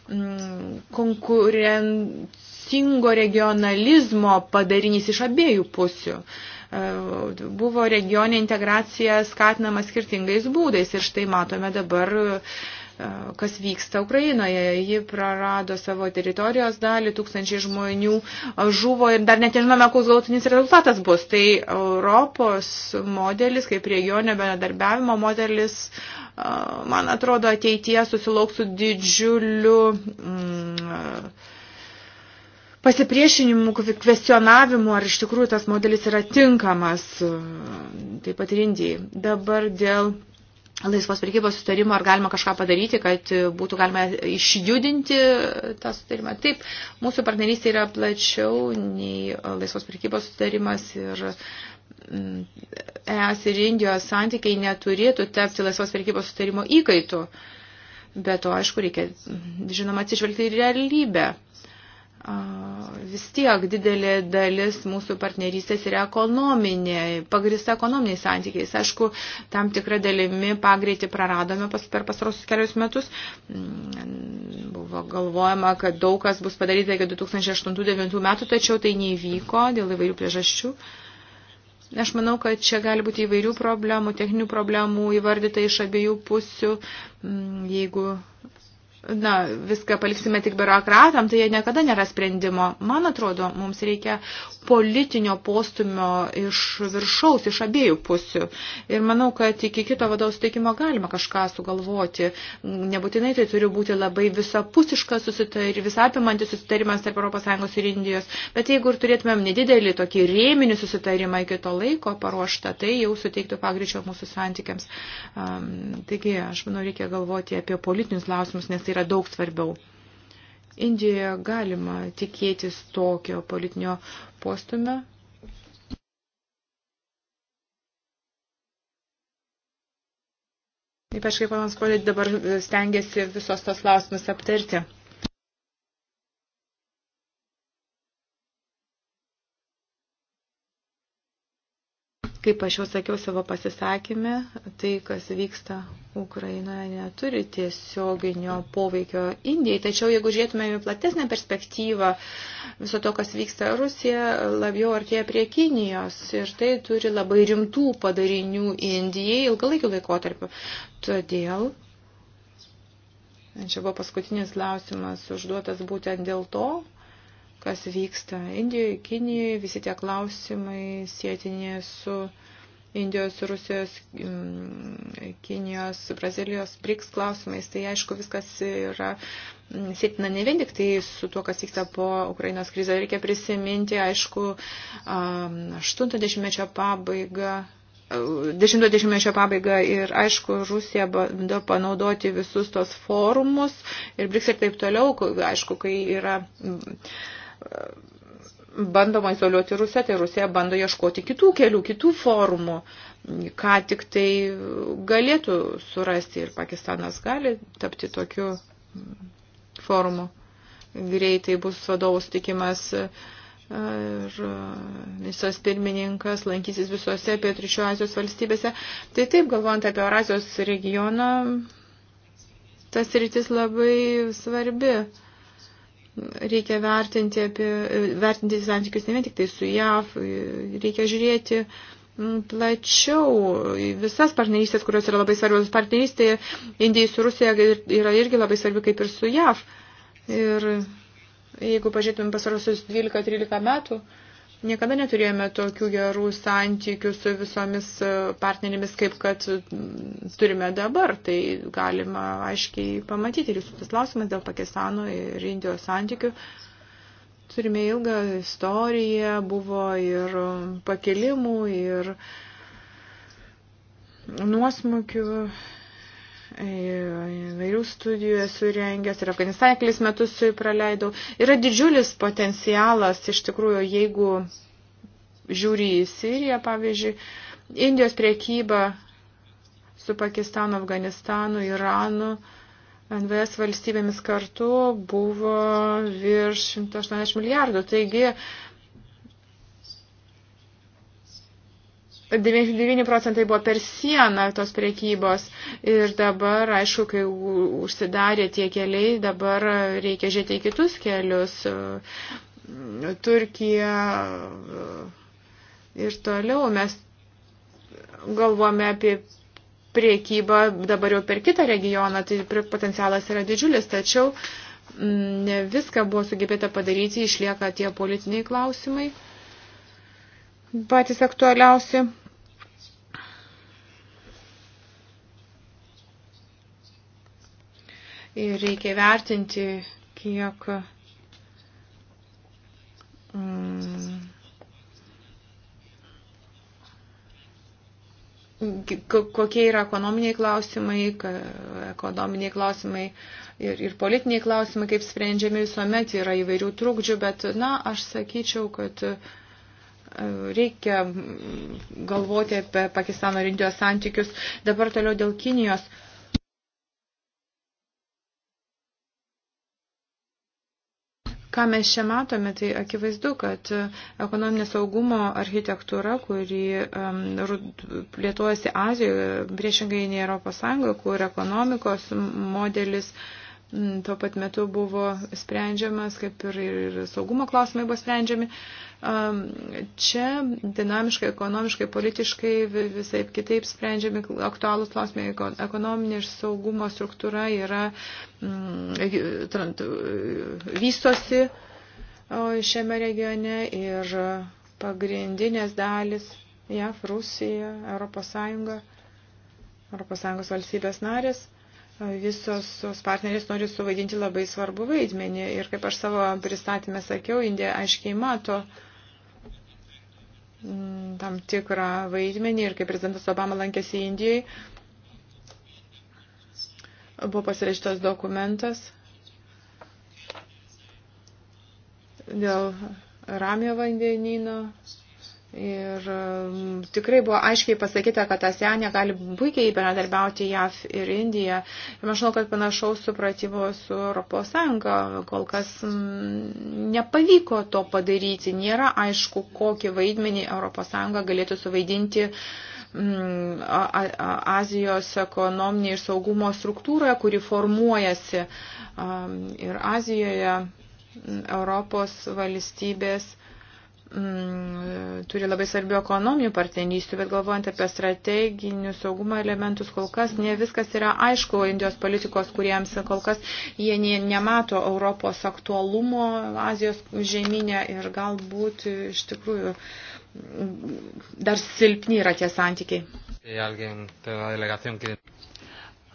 mm, konkurencija teisingo regionalizmo padarinys iš abiejų pusių. E, Buvo regionė integracija skatinama skirtingais būdais ir štai matome dabar e, kas vyksta Ukrainoje. Ji prarado savo teritorijos dalį, tūkstančiai žmonių žuvo ir dar net nežinome, koks galutinis rezultatas bus. Tai Europos modelis, kaip regionio bendradarbiavimo modelis, e, man atrodo, ateityje susilauks su didžiuliu. Mm, pasipriešinimų, kvestionavimų, ar iš tikrųjų tas modelis yra tinkamas, e, taip pat ir Indijai. Dabar dėl laisvos prekybos sutarimo, ar galima kažką padaryti, kad e, būtų galima išjudinti e, tą sutarimą. Taip, mūsų partnerystė yra plačiau nei laisvos prekybos sutarimas ir ES ir Indijos santykiai neturėtų tapti laisvos prekybos sutarimo įkaitų. Bet to, aišku, reikia, žinoma, atsižvelgti ir realybę vis tiek didelė dalis mūsų partnerystės yra ekonominė, pagrįsta ekonominiais santykiais. Aišku, tam tikrą dalimi pagreitį praradome pas, per pastarosius kelius metus. Mm, buvo galvojama, kad daug kas bus padaryta iki 2008-2009 metų, tačiau tai neįvyko dėl įvairių priežasčių. Aš manau, kad čia gali būti įvairių problemų, techninių problemų įvardyta iš abiejų pusių, mm, jeigu na, viską paliksime tik biurokratam, tai jie niekada nėra sprendimo. Man atrodo, mums reikia politinio postumio iš viršaus, iš abiejų pusių. Ir manau, kad iki kito vadovų sutikimo galima kažką sugalvoti. Nebūtinai tai turi būti labai visapusiškas susitarimas, visapimantis susitarimas tarp ES ir Indijos. Bet jeigu ir turėtumėm nedidelį tokį rėminį susitarimą iki to laiko paruoštą, tai jau suteiktų pagreičio mūsų santykiams. Um, taigi, aš manau, reikia galvoti apie politinius klausimus, nes tai yra daug svarbiau. Indijoje galima tikėtis tokio politinio postumio. Ypač kaip panas dabar stengiasi visos tos klausimus aptarti. Kaip aš jau sakiau savo pasisakymę, tai, kas vyksta Ukrainoje, neturi tiesioginio poveikio Indijai. Tačiau, jeigu žiūrėtumėm į platesnę perspektyvą, viso to, kas vyksta Rusija, labiau artėja prie Kinijos. Ir tai turi labai rimtų padarinių Indijai ilgalaikiu laikotarpiu. Todėl Čia buvo paskutinis klausimas užduotas būtent dėl to, kas vyksta Indijoje, Kinijoje, visi tie klausimai sėtinė su Indijos, Rusijos, mm, Kinijos, Brazilijos, BRICS klausimais. Tai aišku, viskas yra mm, sėtina ne vien tik tai su tuo, kas vyksta po Ukrainos krizę. Reikia prisiminti, aišku, 80-mečio pabaigą dešimtmečio pabaigą ir aišku, Rusija bando panaudoti visus tos forumus ir BRICS ir taip toliau, aišku, kai yra mm, bandoma izoliuoti Rusiją, tai Rusija bando ieškoti kitų kelių, kitų formų, ką tik tai galėtų surasti ir Pakistanas gali tapti tokiu forumu. Greitai bus vadovų sutikimas ir visas pirmininkas lankysis visose pietričio Azijos valstybėse. Tai taip, galvojant apie Eurazijos regioną, tas rytis labai svarbi reikia vertinti, apie, vertinti santykius ne vien tik tai su JAV, reikia žiūrėti mm, plačiau visas partnerystės, kurios yra labai svarbios. Partnerystė Indijai su Rusija yra irgi labai svarbi kaip ir su JAV. Ir jeigu pažiūrėtumėm pasarosius 12-13 metų, uh, Niekada neturėjome tokių gerų santykių su visomis e, partnerėmis, kaip kad mm, turime dabar. Tai galima aiškiai pamatyti ir jūsų tas klausimas dėl Pakistano ir Indijos santykių. Turime ilgą istoriją, buvo ir pakilimų, ir nuosmukių įvairių studijų esu rengęs ir Afganistane kelis metus praleidau. Yra didžiulis potencialas iš tikrųjų, jeigu žiūri į Siriją, pavyzdžiui, Indijos priekyba su Pakistanu, Afganistanu, Iranu, NVS valstybėmis kartu buvo virš 180 milijardų. Taigi 99 procentai buvo per sieną tos priekybos ir dabar, aišku, kai užsidarė tie keliai, dabar reikia žiūrėti į kitus kelius. Turkija e, ir toliau mes galvome apie priekybą dabar jau per kitą regioną, tai potencialas yra didžiulis, tačiau ne viską buvo sugebėta padaryti, išlieka tie politiniai klausimai patys aktualiausi. Ir reikia vertinti, kiek mm, kokie yra ekonominiai klausimai, ekonominiai klausimai ir, ir politiniai klausimai, kaip sprendžiami visuomet yra įvairių trūkdžių, bet, na, aš sakyčiau, kad uh, reikia galvoti apie Pakistano ir Indijos santykius. Dabar toliau dėl Kinijos. Ką mes čia matome, tai akivaizdu, kad ekonominė saugumo architektūra, kuri um, plėtojasi Azijoje, priešingai nei Europos Sąjungoje, kur ekonomikos modelis mm, tuo pat metu buvo sprendžiamas, kaip ir, ir saugumo klausimai buvo sprendžiami. Um, Čia dinamiškai, ekonomiškai, politiškai visai kitaip sprendžiami aktualūs klausimai. Ekonominė ir saugumo struktūra yra mm, vystosi šiame regione ir pagrindinės dalis JAF, Rusija, Europos Sąjunga, Europos Sąjungos valstybės narės visos tos partnerės nori suvaidinti labai svarbu vaidmenį. Ir kaip aš savo pristatymę sakiau, Indija aiškiai mato uh, tam tikrą vaidmenį ir kai prezidentas Obama lankėsi Indijoje, buvo pasirašytas dokumentas dėl ramio vandenino Ir um, tikrai buvo aiškiai pasakyta, kad ASEANė gali puikiai bendradarbiauti JAV ir Indiją. Ir aš žinau, kad panašaus supratimo su Europos Sąjunga kol kas mm, nepavyko to padaryti. Nėra aišku, kokį vaidmenį Europos Sąjunga galėtų suvaidinti mm, Azijos ekonominė ir saugumo struktūroje, kuri formuojasi ir Azijoje mm, Europos valstybės mm, turi labai svarbių ekonominių partnerysčių, bet galvojant apie strateginių saugumo elementus, kol kas ne viskas yra aišku Indijos politikos, kuriems kol kas jie ne, nemato Europos aktualumo Azijos žemynė ir galbūt iš tikrųjų dar silpni yra tie santykiai. E,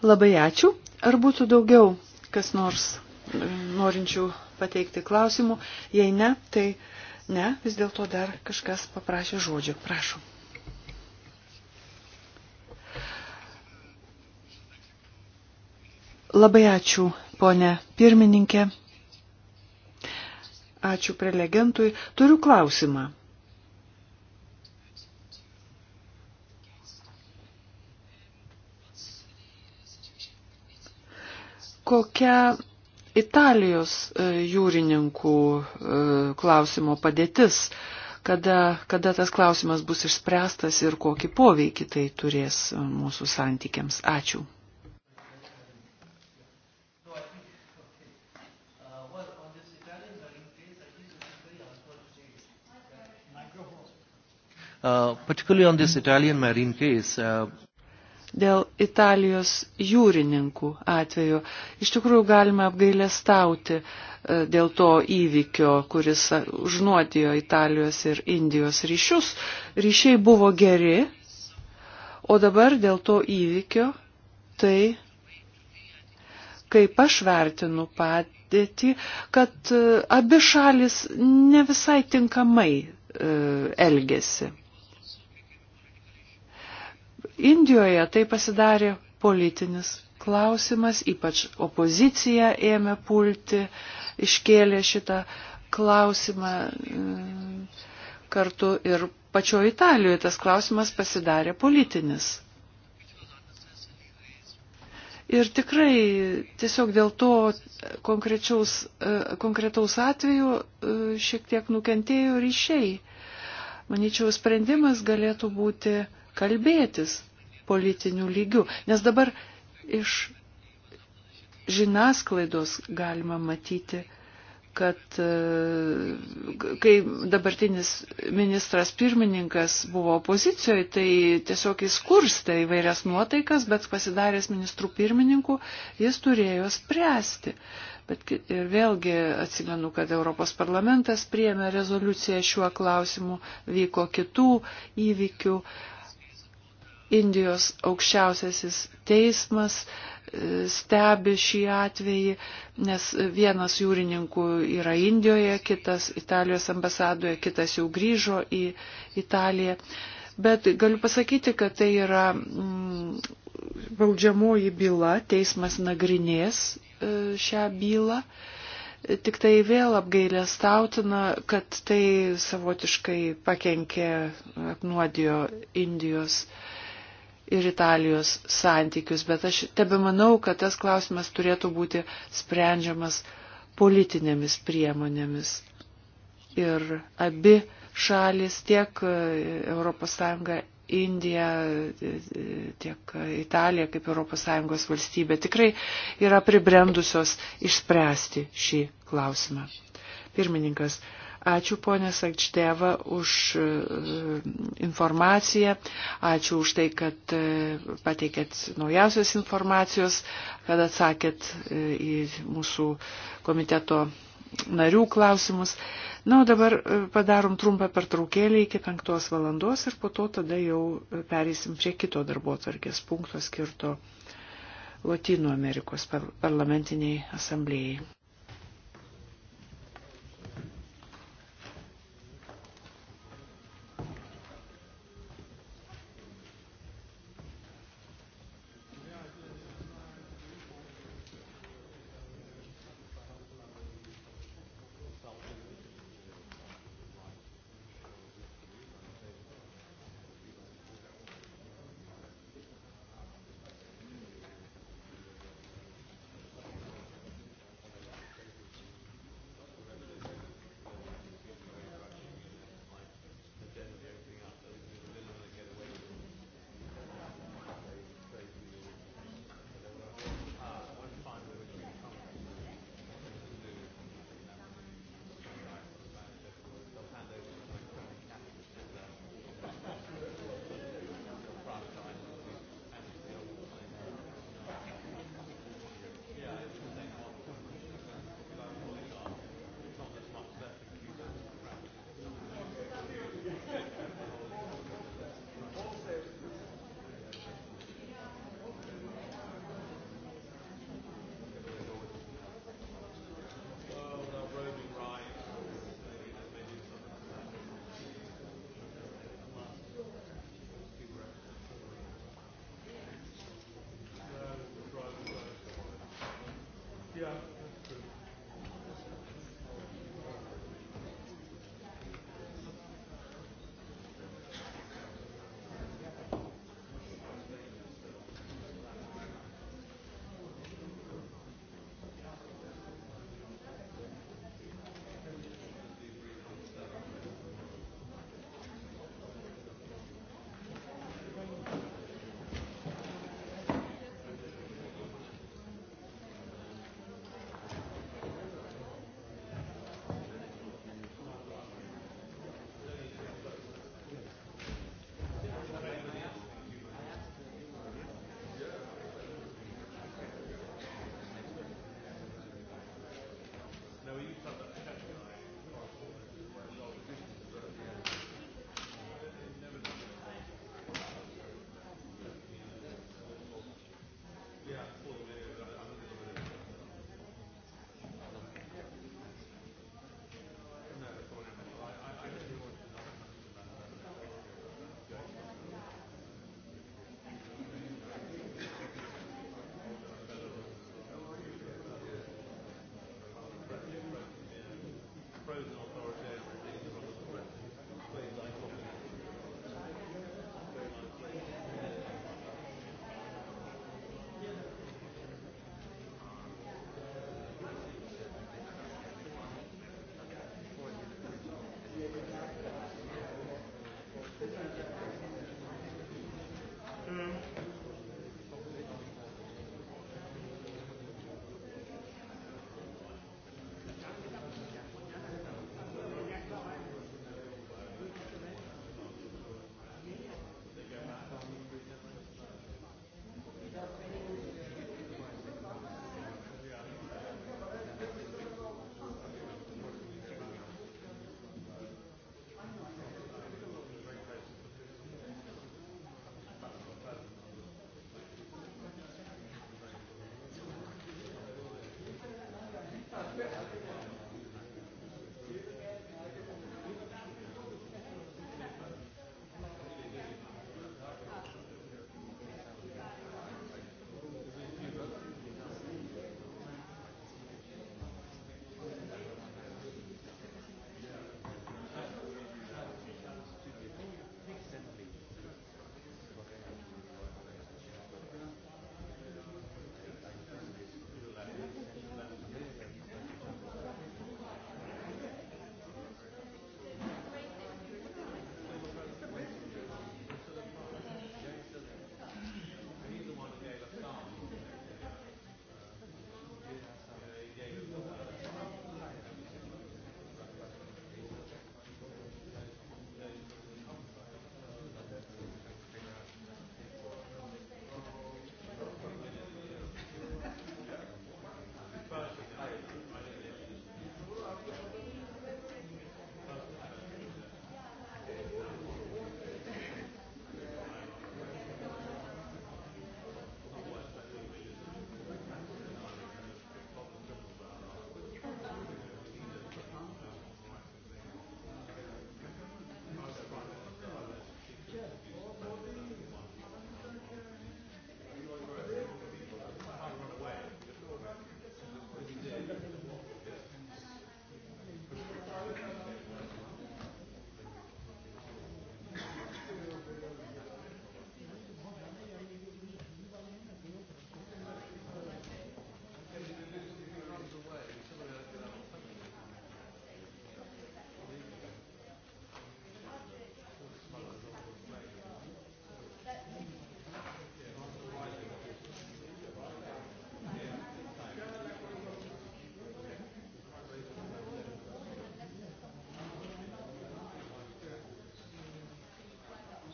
labai ačiū. Ar būtų daugiau kas nors e, norinčių pateikti klausimų? Jei ne, tai. Ne, vis dėlto dar kažkas paprašė žodžio. Prašom. Labai ačiū, ponė pirmininkė. Ačiū prelegentui. Turiu klausimą. Kokia Italijos e, jūrininkų e, klausimo padėtis, kada, kada tas klausimas bus išspręstas ir kokį poveikį tai turės e, mūsų santykiams. Ačiū. Uh, particularly on this Italian marine case. Uh dėl Italijos jūrininkų atveju. Iš tikrųjų galime apgailestauti e, dėl to įvykio, kuris e, užnuodijo Italijos ir Indijos ryšius. Ryšiai buvo geri, o dabar dėl to įvykio tai, kaip aš vertinu padėtį, kad e, abi šalis ne visai tinkamai elgesi. Indijoje tai pasidarė politinis klausimas, ypač opozicija ėmė pulti, iškėlė šitą klausimą mm, kartu ir pačio Italijoje tas klausimas pasidarė politinis. Ir tikrai tiesiog dėl to e, konkretaus atveju e, šiek tiek nukentėjo ryšiai. Manyčiau, sprendimas galėtų būti kalbėtis, politiniu lygiu. Nes dabar iš žiniasklaidos galima matyti, kad e, kai dabartinis ministras pirmininkas buvo opozicijoje, tai tiesiog jis kurstė įvairias nuotaikas, bet pasidaręs ministrų pirmininku jis turėjo spręsti. Bet ir vėlgi atsimenu, kad Europos parlamentas priėmė rezoliuciją šiuo klausimu, vyko kitų įvykių. Uh, Indijos aukščiausiasis teismas e, stebi šį atvejį, nes vienas jūrininkų yra Indijoje, kitas Italijos ambasadoje, kitas jau grįžo į Italiją. Bet galiu pasakyti, kad tai yra mm, baudžiamoji byla, teismas nagrinės e, šią bylą. Tik tai vėl apgailę stautina, kad tai savotiškai pakenkė apnuodijo Indijos uh, ir Italijos santykius, bet aš tebe manau, kad tas klausimas turėtų būti sprendžiamas politinėmis priemonėmis. Ir abi šalis, tiek ES, Indija, e, e, tiek e, Italija kaip ES valstybė tikrai yra pribrendusios išspręsti šį klausimą. Pirmininkas, Ačiū ponė Sakčteva už e, informaciją, ačiū už tai, kad e, pateikėt naujausios informacijos, kad atsakėt e, į mūsų komiteto narių klausimus. Na, o dabar padarom trumpą pertraukėlį iki penktos valandos ir po to tada jau perėsim prie kito darbo tvarkės punkto skirto Latino Amerikos parlamentiniai asamblėjai.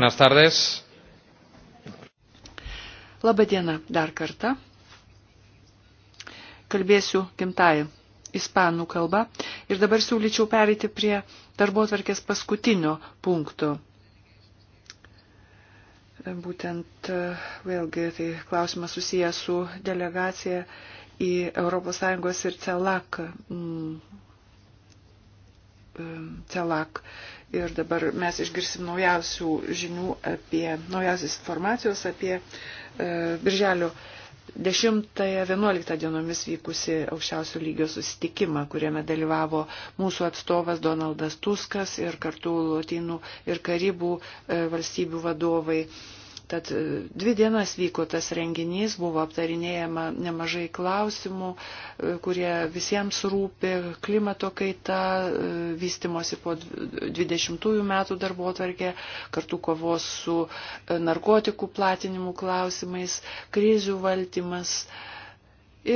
Buenas tardes. Labadiena dar kartą. Kalbėsiu gimtąją ispanų kalbą ir dabar siūlyčiau pereiti prie darbo atvarkės paskutinio punkto. Būtent vėlgi tai klausimas susijęs su delegacija į ES ir CELAC. Mm, CELAC Ir dabar mes išgirsim naujausių žinių apie, naujausios informacijos apie e, Birželio 10-11 dienomis vykusi aukščiausių lygio susitikimą, kuriame dalyvavo mūsų atstovas Donaldas Tuskas ir kartu Lotynų ir Karibų e, valstybių vadovai. E, Tad e, dvi dienas vyko tas renginys, buvo aptarinėjama nemažai klausimų, e, kurie visiems rūpi - klimato kaita, e, vystimosi po 20 metų darbo atvarkė, kartu kovos su narkotikų platinimu klausimais, krizių valdymas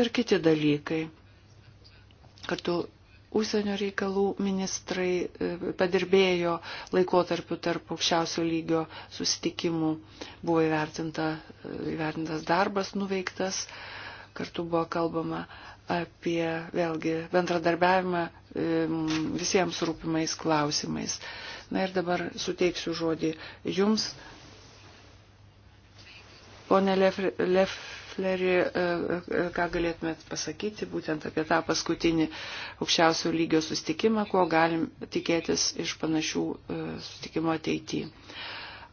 ir kiti dalykai. Kartu užsienio reikalų ministrai e, padirbėjo laikotarpiu tarp aukščiausio lygio susitikimų. Buvo įvertinta, e, įvertintas darbas nuveiktas, kartu buvo kalbama apie vėlgi bendradarbiavimą e, visiems rūpimais klausimais. Na ir dabar suteiksiu žodį jums, ponė Lefri. Lef, Lef Kessleri, e, e, ką galėtumėt pasakyti būtent apie tą paskutinį aukščiausio lygio sustikimą, ko galim tikėtis iš panašių e, sustikimo ateityje.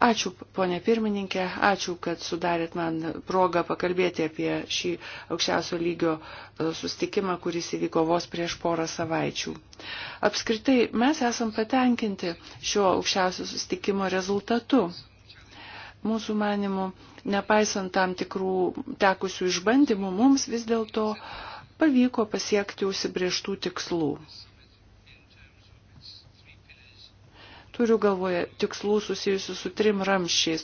Ačiū, ponė pirmininkė, ačiū, kad sudarėt man progą pakalbėti apie šį aukščiausio lygio sustikimą, kuris įvyko vos prieš porą savaičių. Apskritai, mes esam patenkinti šio aukščiausio sustikimo rezultatu. Mūsų manimų, nepaisant tam tikrų tekusių išbandymų, mums vis dėlto pavyko pasiekti užsibrieštų tikslų. Turiu galvoje tikslų susijusių su trim ramščiais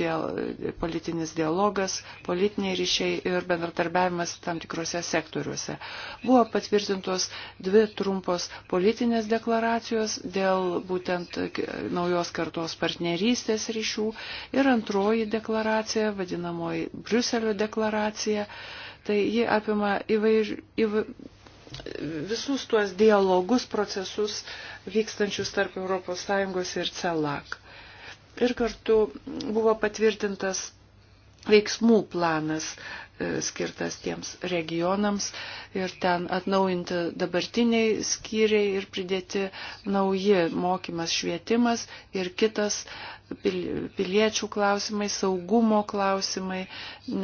dial, - politinis dialogas, politiniai ryšiai ir bendradarbiavimas tam tikrose sektoriuose. Buvo patvirtintos dvi trumpos politinės deklaracijos dėl būtent naujos kartos partnerystės ryšių ir antroji deklaracija, vadinamoji Briuselio deklaracija. Tai ji apima įvairių. Įvair, įvair visus tuos dialogus, procesus vykstančius tarp ES ir CELAC. Ir kartu buvo patvirtintas veiksmų planas E, skirtas tiems regionams ir ten atnaujinti dabartiniai skyriai ir pridėti nauji mokymas, švietimas ir kitas piliečių klausimai, saugumo klausimai,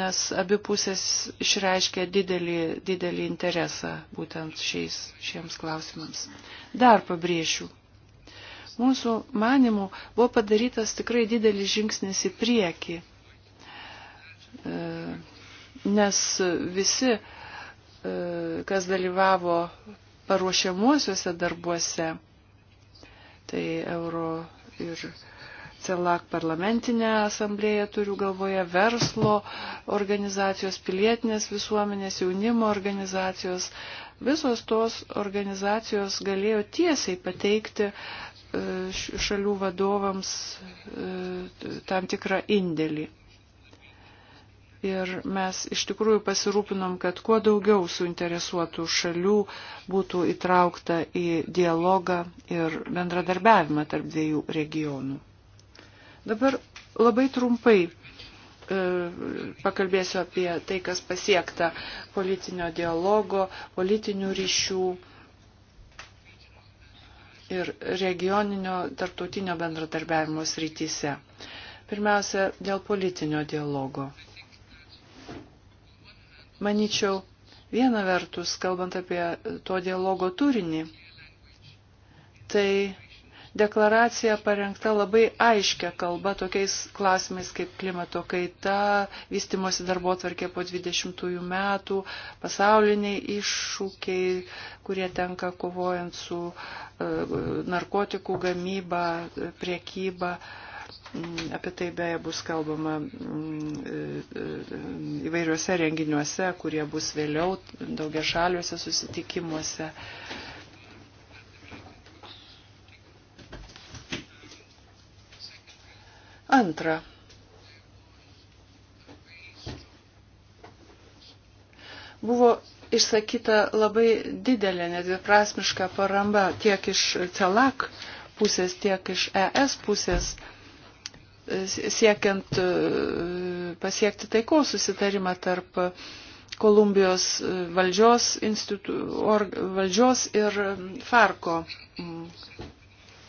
nes abi pusės išreiškia didelį, didelį interesą būtent šiais, šiems klausimams. Dar pabrėšiu. Mūsų manimų buvo padarytas tikrai didelis žingsnis į priekį e, nes visi, e, kas dalyvavo paruošiamuosiuose darbuose, tai euro ir CELAC parlamentinę asamblėją turiu galvoje, verslo organizacijos, pilietinės visuomenės, jaunimo organizacijos, visos tos organizacijos galėjo tiesiai pateikti e, šalių vadovams e, tam tikrą indėlį. Ir mes iš tikrųjų pasirūpinom, kad kuo daugiau suinteresuotų šalių būtų įtraukta į dialogą ir bendradarbiavimą tarp dviejų regionų. Dabar labai trumpai e, pakalbėsiu apie tai, kas pasiekta politinio dialogo, politinių ryšių ir regioninio tarptautinio bendradarbiavimo srityse. Pirmiausia, dėl politinio dialogo. Maničiau, viena vertus, kalbant apie to dialogo turinį, tai deklaracija parengta labai aiškia kalba tokiais klausimais kaip klimato kaita, vystimosi darbo tvarkė po 20 metų, pasauliniai iššūkiai, kurie tenka kovojant su e, narkotikų gamyba, priekyba. Uh, Mm, apie tai beje bus kalbama mm, e, e, įvairiuose renginiuose, kurie bus vėliau daugia šaliuose susitikimuose. Antra. Buvo išsakyta labai didelė, nedviprasmiška paramba tiek iš CELAC pusės, tiek iš ES pusės siekiant e, pasiekti taikos susitarimą tarp Kolumbijos e, valdžios, institu, or, valdžios ir Farko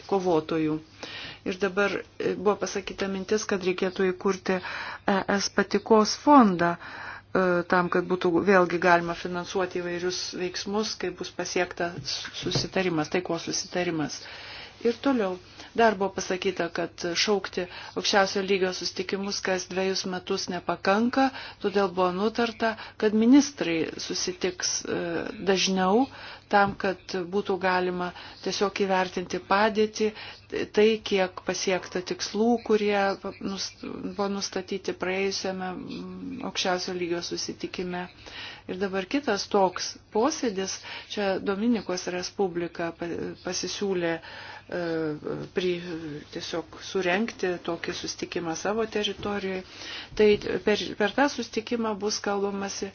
kovotojų. Ir dabar e, buvo pasakyta mintis, kad reikėtų įkurti ES patikos fondą tam, kad būtų vėlgi galima finansuoti įvairius veiksmus, kai bus pasiektas susitarimas, taiko susitarimas. Uh, ir toliau. Dar buvo pasakyta, kad šaukti aukščiausio lygio susitikimus kas dviejus metus nepakanka, todėl buvo nutarta, kad ministrai susitiks e, dažniau tam, kad būtų galima tiesiog įvertinti padėtį, tai kiek pasiekta tikslų, kurie buvo nustatyti praėjusiame mm, aukščiausio lygio susitikime. Ir dabar kitas toks posėdis, čia Dominikos Respublika pasisiūlė e, pri, tiesiog surenkti tokį sustikimą savo teritorijoje. Tai per, per tą sustikimą bus kalbamasi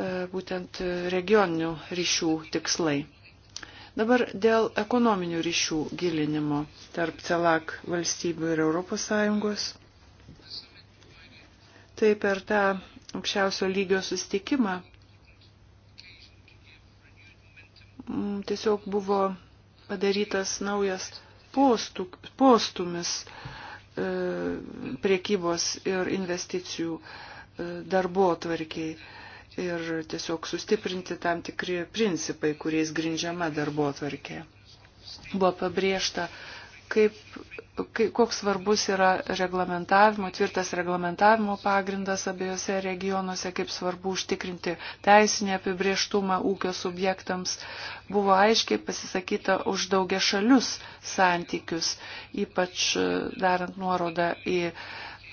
E, būtent regioninių ryšių tikslai. Dabar dėl ekonominių ryšių gilinimo tarp CELAC valstybių ir ES. Tai per tą aukščiausio lygio sustikimą mm, tiesiog buvo padarytas naujas postuk, postumis e, priekybos ir investicijų e, darbo tvarkiai ir tiesiog sustiprinti tam tikri principai, kuriais grindžiama darbo tvarkė. Buvo pabrėžta, kaip, kaip, koks svarbus yra reglamentavimo, tvirtas reglamentavimo pagrindas abiejose regionuose, kaip svarbu užtikrinti teisinį apibrieštumą ūkio subjektams. Buvo aiškiai pasisakyta už daugia šalius santykius, ypač e, darant nuorodą į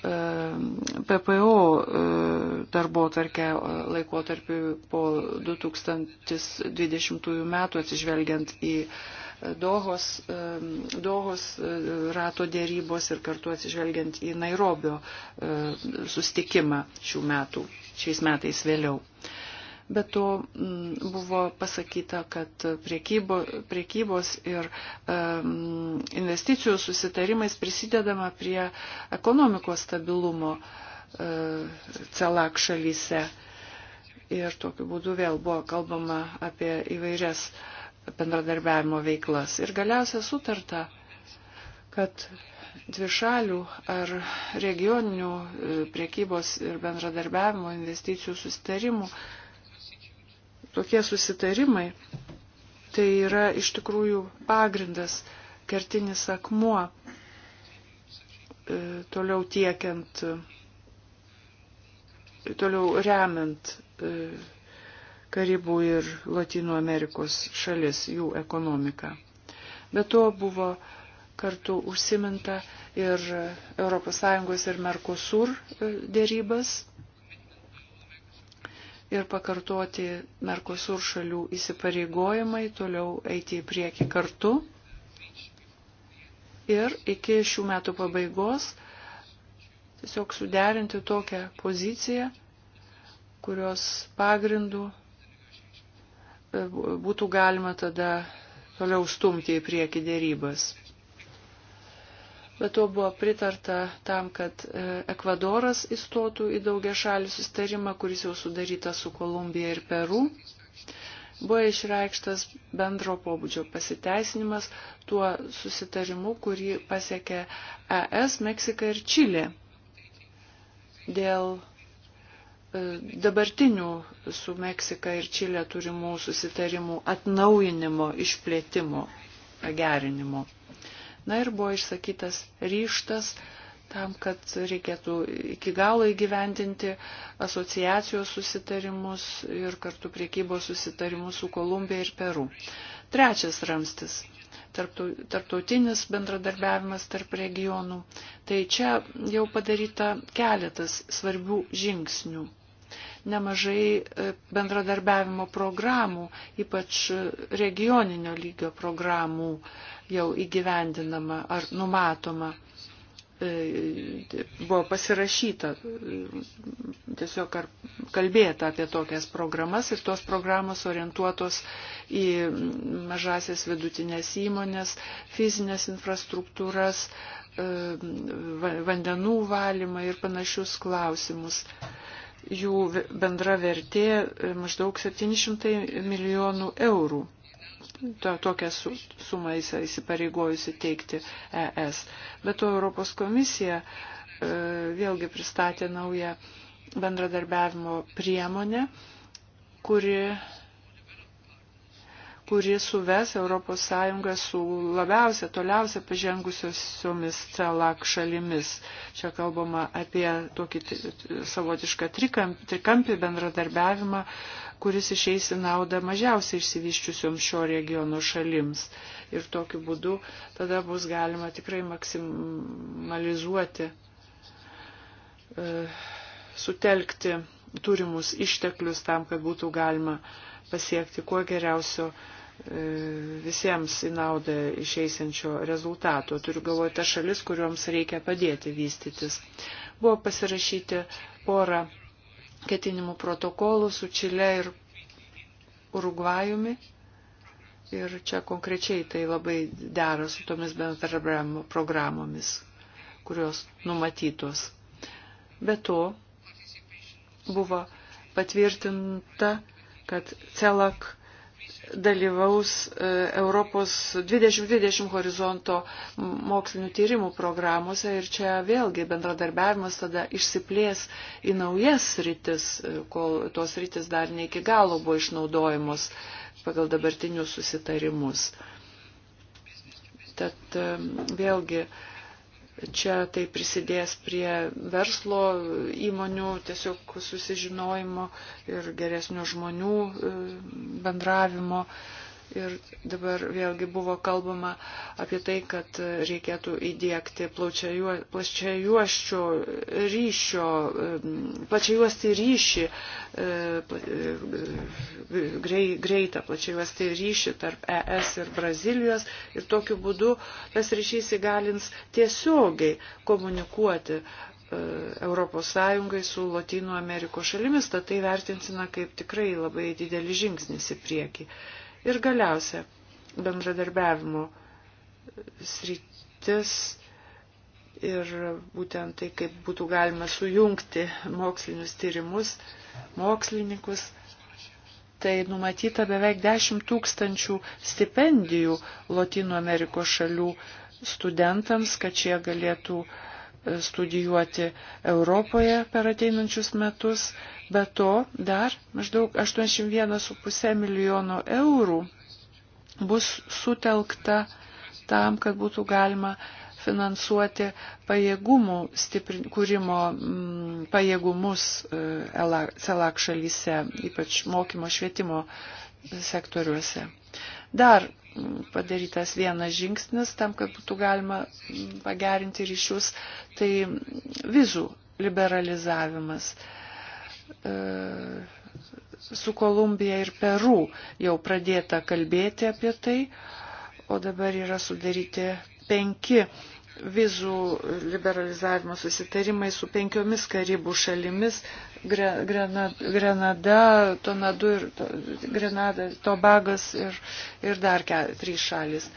Ehm, PPO ehm, darbo tarkę ehm, laikotarpiu po 2020 metų atsižvelgiant į Dohos, Dohos rato dėrybos ir kartu atsižvelgiant į Nairobio sustikimą šių metų, šiais metais vėliau. Bet to mm, buvo pasakyta, kad priekybo, priekybos ir um, investicijų susitarimais prisidedama prie ekonomikos stabilumo uh, e, celak šalyse. Ir tokiu būdu vėl buvo kalbama apie įvairias bendradarbiavimo veiklas. Ir galiausia sutarta, kad dvišalių ar regioninių e, priekybos ir bendradarbiavimo investicijų susitarimų uh, tokie susitarimai tai yra iš tikrųjų pagrindas, kertinis akmuo e, toliau tiekiant, e, toliau remiant e, Karibų ir Latino Amerikos šalis, jų ekonomiką. Be to buvo kartu užsiminta ir ES ir Mercosur dėrybas ir pakartoti Merkosur šalių įsipareigojimai toliau eiti į priekį kartu. Ir iki šių metų pabaigos tiesiog suderinti tokią poziciją, kurios pagrindų e, būtų galima tada toliau stumti į priekį dėrybas bet to buvo pritarta tam, kad e, Ekvadoras įstotų į daugia šalį sustarimą, kuris jau sudarytas su Kolumbija ir Peru. Buvo išreikštas bendro pobūdžio pasiteisinimas tuo susitarimu, kurį pasiekė ES, Meksika ir Čilė dėl e, dabartinių su Meksika ir Čilė turimų susitarimų atnaujinimo, išplėtimo, gerinimo. Na ir buvo išsakytas ryštas tam, kad reikėtų iki galo įgyvendinti asociacijos susitarimus ir kartu priekybos susitarimus su Kolumbija ir Peru. Trečias ramstis - tarptautinis bendradarbiavimas tarp regionų. Tai čia jau padaryta keletas svarbių žingsnių nemažai e, bendradarbiavimo programų, ypač regioninio lygio programų jau įgyvendinama ar numatoma. E, buvo pasirašyta e, tiesiog ar kalbėta apie tokias programas ir tos programos orientuotos į mažasias vidutinės įmonės, fizinės infrastruktūras, vandenų valymą ir panašius klausimus jų bendra vertė e, maždaug 700 milijonų eurų. Ta, tokią sumą jis įsipareigojusi teikti ES. Bet to Europos komisija e, vėlgi pristatė naują bendradarbiavimo priemonę, kuri kuri suves ES su labiausia, toliausia pažengusiosiomis CELAK šalimis. Čia kalbama apie tokį savotišką trikampį, trikampį bendradarbiavimą, kuris išeis į naudą mažiausiai išsivyščiusioms šio regiono šalims. Ir tokiu būdu tada bus galima tikrai maksimalizuoti, e, sutelkti turimus išteklius tam, kad būtų galima pasiekti kuo geriausio uh, E, visiems į naudą išeisinčio rezultato. Turiu galvoje tas šalis, kuriuoms reikia padėti vystytis. Buvo pasirašyti porą ketinimų protokolų su Čile ir Urugvajumi. Ir čia konkrečiai tai labai dera su tomis bendradarbiavimo programomis, kurios numatytos. Be to buvo patvirtinta, kad CELAK dalyvaus e, Europos 2020 horizonto mokslinių tyrimų programuose ir čia vėlgi bendradarbiavimas tada išsiplės į naujas rytis, e, kol tos rytis dar ne iki galo buvo išnaudojamos pagal dabartinius susitarimus. Tad e, vėlgi čia tai prisidės prie verslo įmonių tiesiog susižinojimo ir geresnio žmonių e, bendravimo. Ir dabar vėlgi buvo kalbama apie tai, kad reikėtų įdėkti plačiajuoščio ryšio, plačiajuosti ryšį, e, e, e, greitą plačiajuosti ryšį tarp ES ir Brazilijos. Ir tokiu būdu tas ryšys įgalins tiesiogiai komunikuoti Europos Sąjungai su Latino Amerikos šalimis, tad tai vertinsime kaip tikrai labai didelis žingsnis į priekį. Ir galiausia, bendradarbiavimo sritis ir būtent tai, kaip būtų galima sujungti mokslinius tyrimus, mokslininkus. Tai numatyta beveik 10 tūkstančių stipendijų Latino Amerikos šalių studentams, kad šie galėtų uh, studijuoti Europoje per ateinančius metus, bet to dar maždaug 81,5 milijono eurų bus sutelkta tam, kad būtų galima finansuoti pajėgumų stiprin, kūrimo m, mm, pajėgumus CELAK e, e šalyse, ypač mokymo švietimo sektoriuose. Dar padarytas vienas žingsnis tam, kad būtų galima pagerinti ryšius, tai vizų liberalizavimas. E, su Kolumbija ir Peru jau pradėta kalbėti apie tai, o dabar yra sudaryti penki vizų liberalizavimo susitarimai su penkiomis Karibų šalimis Grenada, Grenada Tonadu ir Grenada, Tobagas ir, ir dar ke, trys šalis.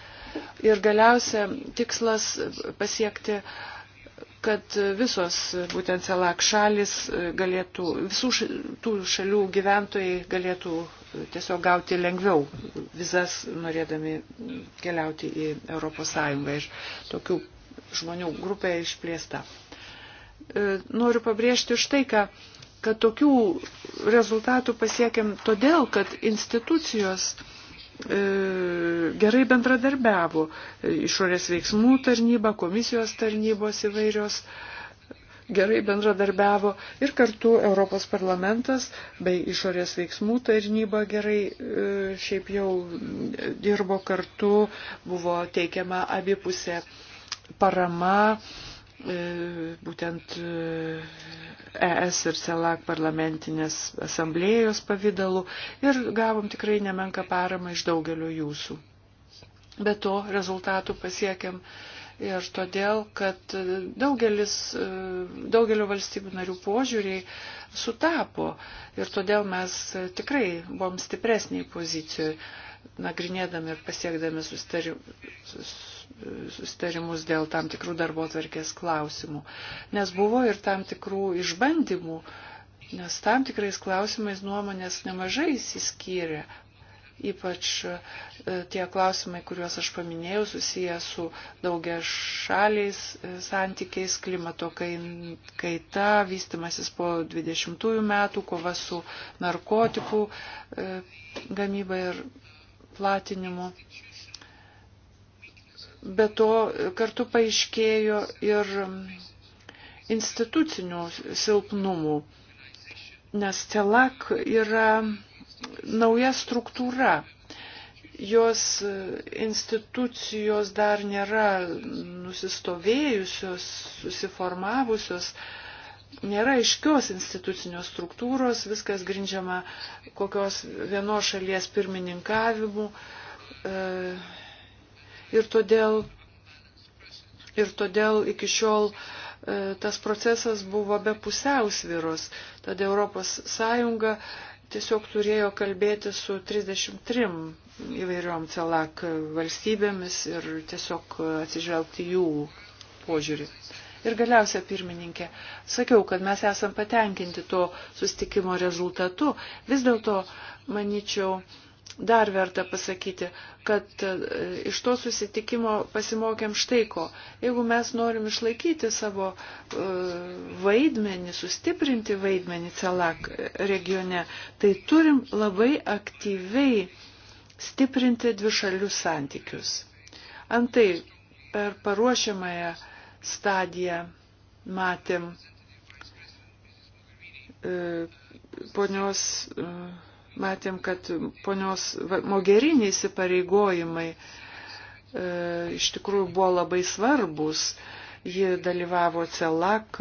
Ir galiausia tikslas pasiekti kad visos būtent CELAK šalis galėtų, visų tų šalių gyventojai galėtų tiesiog gauti lengviau vizas, norėdami keliauti į ES. Ir tokių žmonių grupė išplėsta. E, noriu pabrėžti štai, ką, kad tokių rezultatų pasiekėm todėl, kad institucijos e, gerai bendradarbiavo e, išorės veiksmų tarnyba, komisijos tarnybos įvairios gerai bendradarbiavo ir kartu Europos parlamentas bei išorės veiksmų tarnyba gerai šiaip jau dirbo kartu, buvo teikiama abipusė parama e, būtent ES e ir CELAC parlamentinės asamblėjos pavydalu ir gavom tikrai nemenką paramą iš daugelio jūsų. Be to rezultatų pasiekėm ir todėl, kad daugelis, e, daugelio valstybių narių požiūriai sutapo ir todėl mes tikrai buvom stipresniai pozicijoje nagrinėdami ir pasiekdami sustarimus sustarimus dėl tam tikrų darbo tvarkės klausimų. Nes buvo ir tam tikrų išbandymų, nes tam tikrais klausimais nuomonės nemažai įsiskyrė. Ypač e, tie klausimai, kuriuos aš paminėjau, susiję su daugia šaliais e, santykiais, klimato kaita, vystimasis po 20 metų, kova su narkotikų e, gamyba ir platinimu. Be to kartu paaiškėjo ir institucinių silpnumų, nes CELAC yra nauja struktūra. Jos institucijos dar nėra nusistovėjusios, susiformavusios, nėra aiškios institucinios struktūros, viskas grindžiama kokios vienos šalies pirmininkavimu. E, ir todėl, ir todėl iki šiol e, tas procesas buvo be pusiausviros. Tad ES tiesiog turėjo kalbėti su 33 įvairiom celak valstybėmis ir tiesiog atsižvelgti jų požiūrį. Ir galiausia, pirmininkė, sakiau, kad mes esam patenkinti to sustikimo rezultatu. Vis dėlto, manyčiau, dar verta pasakyti, kad e, iš to susitikimo pasimokėm štai ko. Jeigu mes norim išlaikyti savo e, vaidmenį, sustiprinti vaidmenį CELAC regione, tai turim labai aktyviai stiprinti dvišalius santykius. Antai per paruošiamąją stadiją matėm e, ponios. E, matėm, kad ponios Mogerinė įsipareigojimai e, iš tikrųjų buvo labai svarbus. Ji dalyvavo CELAK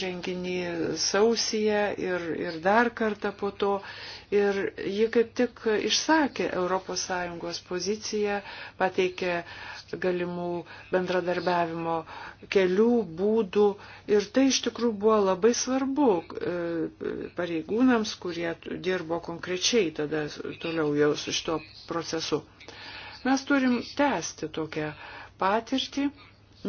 renginį sausyje ir, ir dar kartą po to ir ji kaip tik išsakė ES poziciją, pateikė galimų bendradarbiavimo kelių, būdų ir tai iš tikrųjų buvo labai svarbu e, pareigūnams, kurie dirbo konkrečiai tada toliau jau su šito procesu. Mes turim tęsti tokią patirtį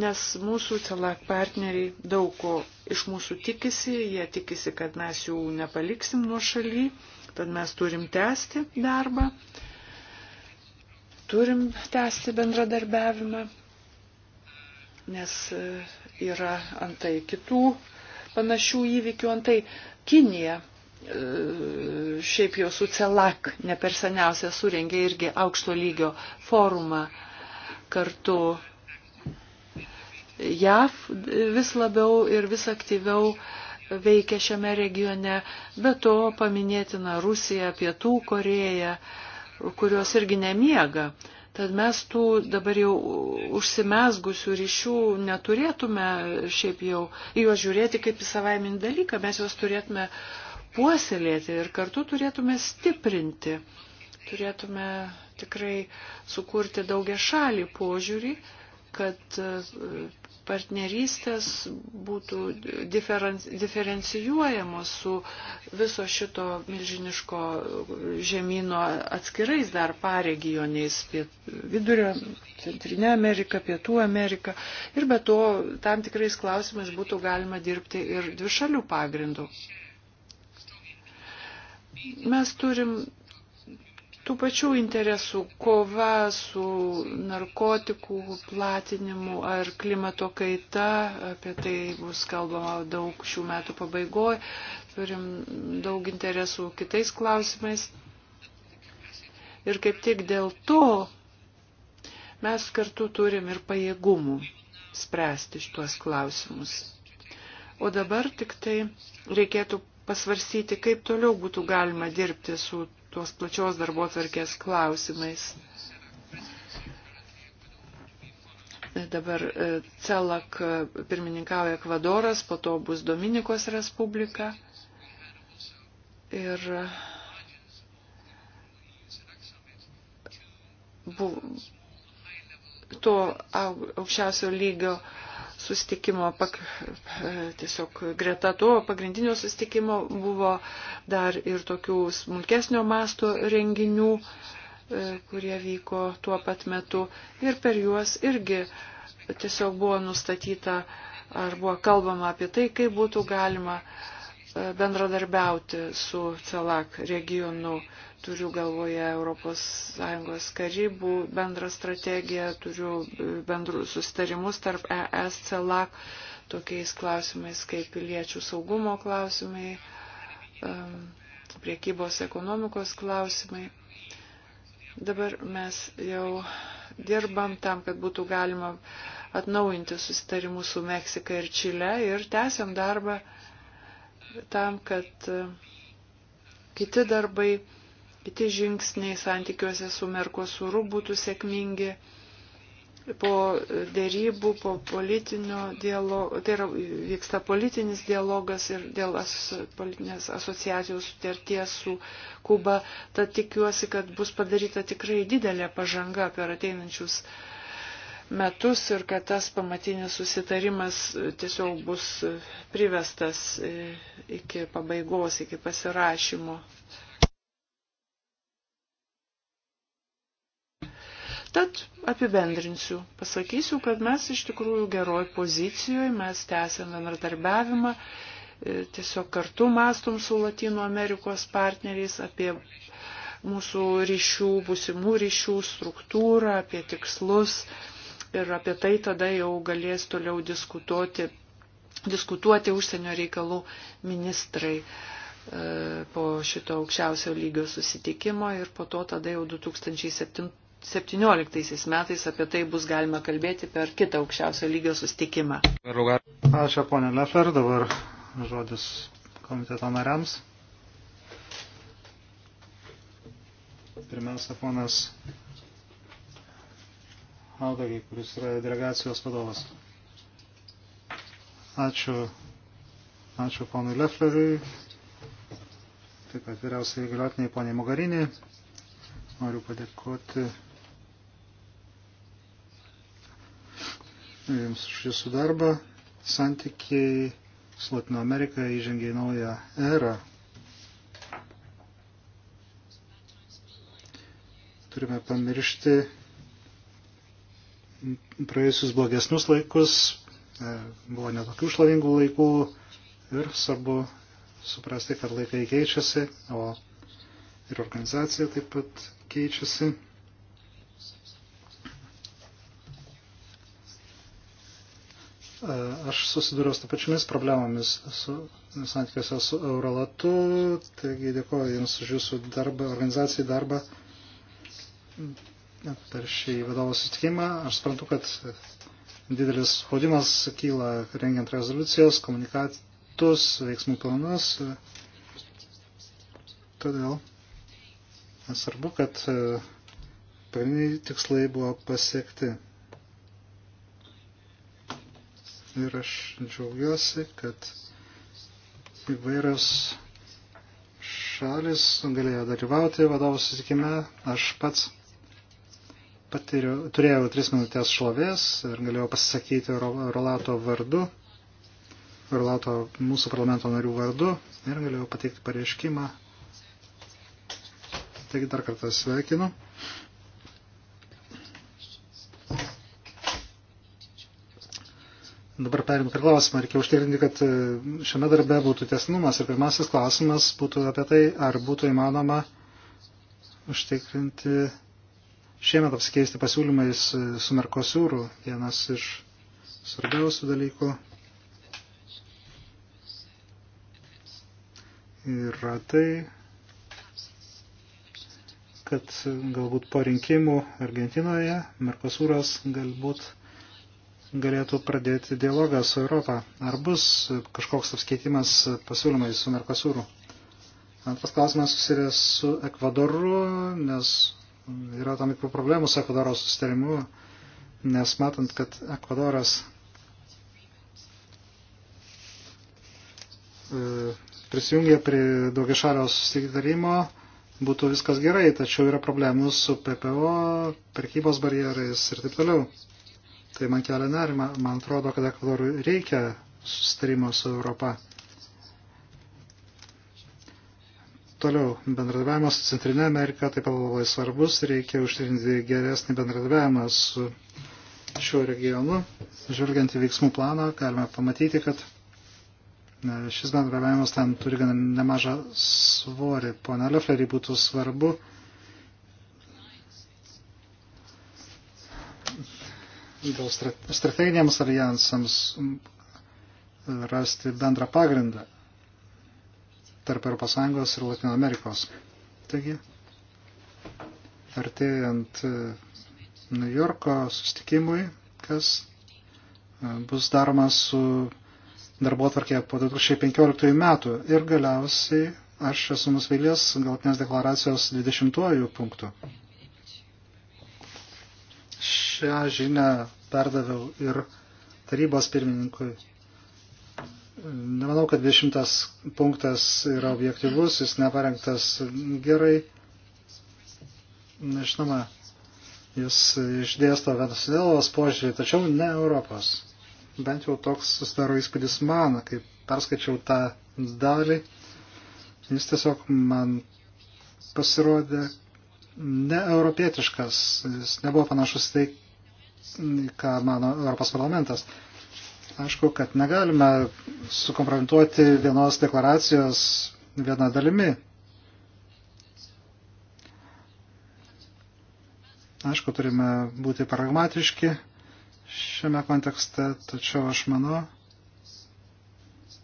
nes mūsų CELAC partneriai daug ko iš mūsų tikisi, jie tikisi, kad mes jų nepaliksim nuo šaly, Tad mes turim tęsti darbą, turim tęsti bendradarbiavimą, nes e, yra antai kitų panašių įvykių, antai Kinija e, šiaip jau su CELAK ne per seniausia surengė irgi aukšto lygio forumą kartu JAV vis labiau ir vis aktyviau uh, veikia šiame regione, bet to paminėtina Rusija, Pietų Koreja, kurios irgi nemiega. Tad mes tų dabar jau užsimesgusių ryšių neturėtume šiaip jau į juos žiūrėti kaip į savaiminį dalyką, mes juos turėtume puoselėti ir kartu turėtume stiprinti. Turėtume tikrai sukurti daugia šalį požiūrį, kad partnerystės būtų diferencijuojamos su viso šito milžiniško žemynų atskirais dar paregioniais Vidurio, Centrinė Amerika, Pietų Amerika ir be to tam tikrais klausimais būtų galima dirbti ir dvišalių pagrindų. Mes turim tų pačių interesų - kova su narkotikų platinimu ar klimato kaita, apie tai bus kalbama daug šių metų pabaigoje, turim daug interesų kitais klausimais. Ir kaip tik dėl to mes kartu turim ir pajėgumų spręsti šitos klausimus. O dabar tik tai reikėtų pasvarsyti, kaip toliau būtų galima dirbti su tuos plačios darbo atvarkės klausimais. Dabar e, CELAK e, pirmininkauja Ekvadoras, po to bus Dominikos Respublika. Ir e, buvo to aukščiausio lygio uh, sustikimo, pak, e, tiesiog greta to pagrindinio sustikimo buvo dar ir tokių smulkesnio masto renginių, e, kurie vyko tuo pat metu ir per juos irgi tiesiog buvo nustatyta ar buvo kalbama apie tai, kaip būtų galima uh, bendradarbiauti su CELAC regionu. Turiu galvoje ES karybų bendrą strategiją, turiu e, bendrų sustarimus tarp ES CELAC tokiais klausimais kaip piliečių saugumo klausimai, e, priekybos ekonomikos klausimai. Dabar mes jau dirbam tam, kad būtų galima atnaujinti susitarimus su Meksika ir Čile ir tęsiam darbą tam, kad e, kiti darbai, kiti žingsniai santykiuose su Merkosuru būtų sėkmingi po dėrybų, po politinio dialogo, tai yra vyksta politinis dialogas ir dėl as, politinės asociacijos sutarties su Kuba, tad tikiuosi, kad bus padaryta tikrai didelė pažanga per ateinančius uh, metus ir kad tas pamatinis susitarimas tiesiog bus privestas e, iki pabaigos, iki pasirašymo. Tad apibendrinsiu, pasakysiu, kad mes iš tikrųjų geroj pozicijoje, mes tęsiam bendradarbiavimą, e, tiesiog kartu mastom su Latino Amerikos partneriais apie mūsų ryšių, būsimų ryšių struktūrą, apie tikslus, ir apie tai tada jau galės toliau diskutuoti, diskutuoti užsienio reikalų ministrai e, po šito aukščiausio lygio susitikimo ir po to tada jau 2017 metais apie tai bus galima kalbėti per kitą aukščiausio lygio susitikimą. Ačiū, ponė Lefer, dabar žodis komiteto nariams. Pirmiausia, ponas Aldagi, kuris yra delegacijos vadovas. Ačiū, ačiū ponui Lefleriui, taip pat vyriausiai galiotiniai poniai Mogarinį. Noriu padėkoti Jums už Jūsų darbą. Santykiai su Latino Amerika įžengė į naują erą. Turime pamiršti praėjusius blogesnius laikus, e, buvo netokių šlovingų laikų ir svarbu suprasti, kad laikai keičiasi, o ir organizacija taip pat keičiasi. E, aš susidūriau su pačiamis problemomis su, santykiuose su Eurolatu, taigi dėkoju Jums už Jūsų darbą, organizacijai darbą per šį vadovų susitikimą. Aš suprantu, kad didelis spaudimas kyla rengiant rezoliucijas, komunikatus, veiksmų planus. Todėl svarbu, kad e, pagrindiniai tikslai buvo pasiekti. Ir aš džiaugiuosi, kad įvairios šalis galėjo dalyvauti vadovų susitikime. Aš pats patiriu, turėjau tris minutės šlovės ir galėjau pasisakyti Rolato vardu, Rolato mūsų parlamento narių vardu ir galėjau pateikti pareiškimą. Taigi dar kartą sveikinu. Dabar perimu prie klausimą. Reikia užtikrinti, kad e, šiame darbe būtų tiesnumas. Ir pirmasis klausimas būtų apie tai, ar būtų įmanoma užtikrinti šiemet apsikeisti pasiūlymais e, su Merkosūru, vienas iš svarbiausių dalykų yra tai, kad galbūt po rinkimų Argentinoje Merkosūras galbūt galėtų pradėti dialogą su Europą. Ar bus kažkoks apskaitimas pasiūlymai su Merkosūru? Antras klausimas susirės su Ekvadoru, nes yra tam tikrų problemų su Ekvadoro susitarimu, nes matant, kad Ekvadoras e, prisijungė prie daugiašalio susitarimo, būtų viskas gerai, tačiau yra problemų su PPO, prekybos barjerais ir taip toliau. Tai man kelia nerima. Man atrodo, kad Ekvadorui reikia susitarimo su Europa. Toliau, bendradarbiavimas su Centrinė Amerika taip pat labai svarbus, reikia užtikrinti geresnį bendradarbiavimą su šiuo regionu. Žvelgiant į veiksmų planą, galime pamatyti, kad e, šis bendradarbiavimas ten turi gana nemažą svorį. Pone Leflerį būtų svarbu dėl strateginiams alijansams rasti bendrą pagrindą tarp ES ir Latino Amerikos. Taigi, artėjant e, New Yorko sustikimui, kas e, bus daroma su darbo atvarkė po 2015 metų. Ir galiausiai aš esu nusveilės galtinės deklaracijos 20 punktų. Šią žinę perdaviau ir tarybos pirmininkui Nemanau, kad 20 punktas yra objektivus, jis neparengtas gerai. Žinoma, jis išdėsto Venezuelos požiūrį, tačiau ne Europos. Bent jau toks susidaro įspūdis man, kai perskaičiau tą dalį. Jis tiesiog man pasirodė neeuropietiškas, jis nebuvo panašus tai, ką mano Europos parlamentas. Aišku, kad negalime sukompromituoti vienos deklaracijos viena dalimi. Aišku, turime būti pragmatiški šiame kontekste, tačiau aš manau,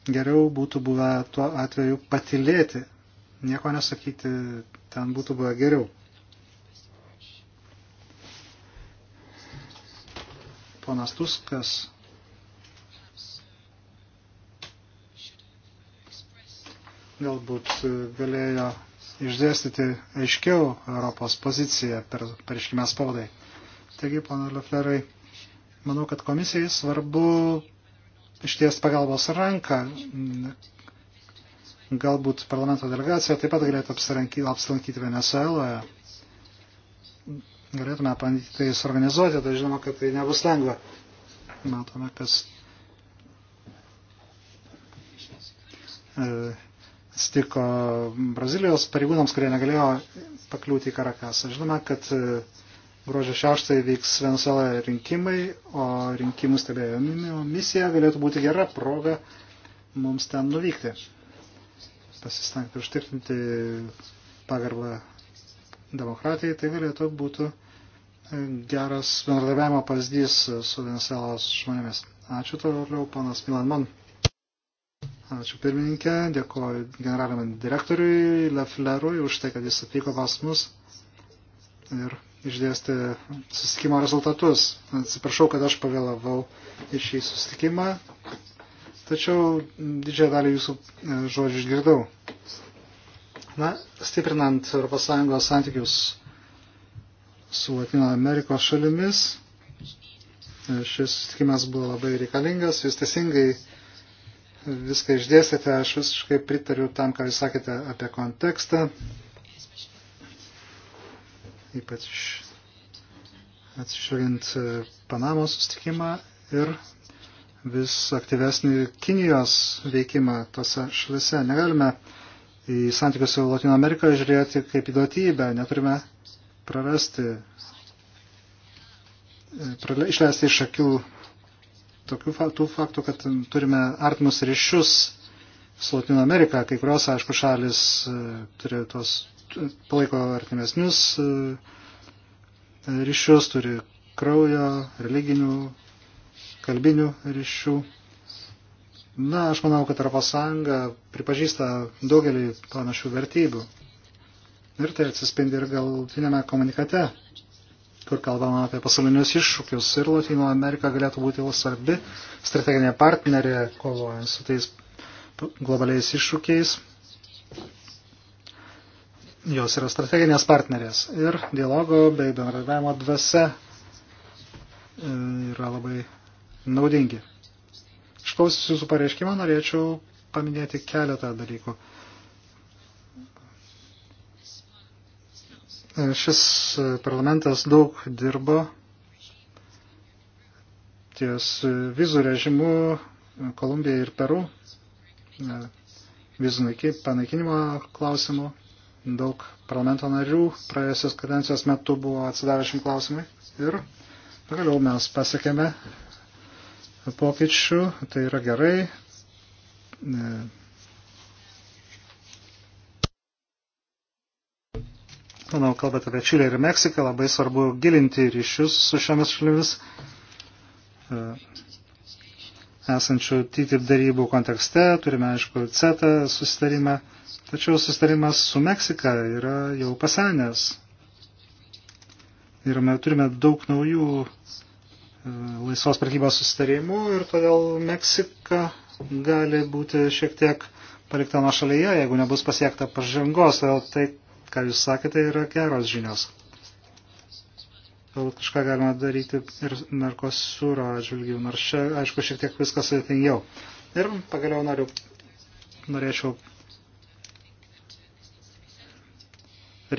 geriau būtų buvę tuo atveju patilėti, nieko nesakyti, ten būtų buvę geriau. Ponas Tuskas galbūt e, galėjo išdėstyti aiškiau Europos poziciją per pareiškimę spaudai. Taigi, pana Leflerai, manau, kad komisijai svarbu išties pagalbos ranką. Galbūt parlamento delegacija taip pat galėtų apsilankyti Venezueloje. Galėtume bandyti tai suorganizuoti, tai žinoma, kad tai nebus lengva. Matome, kas e, stiko Brazilijos pareigūnams, kurie negalėjo pakliūti į Karakasą. Žinome, kad e, gruodžio 6 vyks Venezuela rinkimai, o rinkimų stebėjimo misija galėtų būti gera proga mums ten nuvykti. Pasistengti užtikrinti pagarbą demokratijai, tai galėtų būtų e, geras bendradarbiavimo pavyzdys su Venezuelos žmonėmis. Ačiū toliau, ponas Milan Man. Ačiū pirmininkė, dėkoju generaliniam direktoriui Leflerui už tai, kad jis atvyko pas mus ir išdėstė susitikimo rezultatus. Atsiprašau, kad aš pavėlavau į šį susitikimą, tačiau didžiąją dalį jūsų e, žodžių išgirdau. Na, stiprinant ES santykius su Latino Amerikos šalimis, e, šis susitikimas buvo labai reikalingas, jūs teisingai viską išdėstėte, aš visiškai pritariu tam, ką jūs sakėte apie kontekstą, ypač atsižvelgiant e, Panamos sustikimą ir vis aktyvesnį Kinijos veikimą tose šalise. Negalime į santykius su Latino Amerika žiūrėti kaip įduotybę, neturime prarasti, e, išleisti iš akių tokių faktų, faktų kad turime artimus ryšius su Latino Amerika, kai kurios, aišku, šalis e, turi tuos, e, palaiko artimesnius e, ryšius, turi kraujo, religinių, kalbinių ryšių. Na, aš manau, kad Europos Sąjunga pripažįsta daugelį panašių vertybių. Ir tai atsispindi ir galtinėme komunikate kur kalbama apie pasaulinius iššūkius ir Latino Amerika galėtų būti svarbi strateginė partnerė kovojant su tais globaliais iššūkiais. Jos yra strateginės partnerės ir dialogo bei bendradavimo dvasia e, yra labai naudingi. Išklausius jūsų pareiškimą norėčiau paminėti keletą dalykų. Šis e, parlamentas daug dirbo ties vizų režimu Kolumbija ir Peru, e, vizų panaikinimo klausimų. Daug parlamento narių praėjusios kadencijos metu buvo atsidavę šim klausimui ir pagaliau mes pasiekėme pokyčių, tai yra gerai e, manau, kalbate apie Čilę ir Meksiką, labai svarbu gilinti ryšius su šiomis šalimis e, esančių TTIP darybų kontekste, turime, aišku, CETA susitarimą, tačiau susitarimas su Meksika yra jau pasenęs. Ir mes turime daug naujų e, laisvos prekybos susitarimų ir todėl Meksika gali būti šiek tiek palikta nuo šalyje, jeigu nebus pasiekta pažangos. Todėl tai ką jūs sakėte, yra geros žinios. Gal kažką galima daryti ir Merkosūro atžvilgių, nors čia, aišku, šiek tiek viskas sudėtingiau. Ir pagaliau noriu, norėčiau,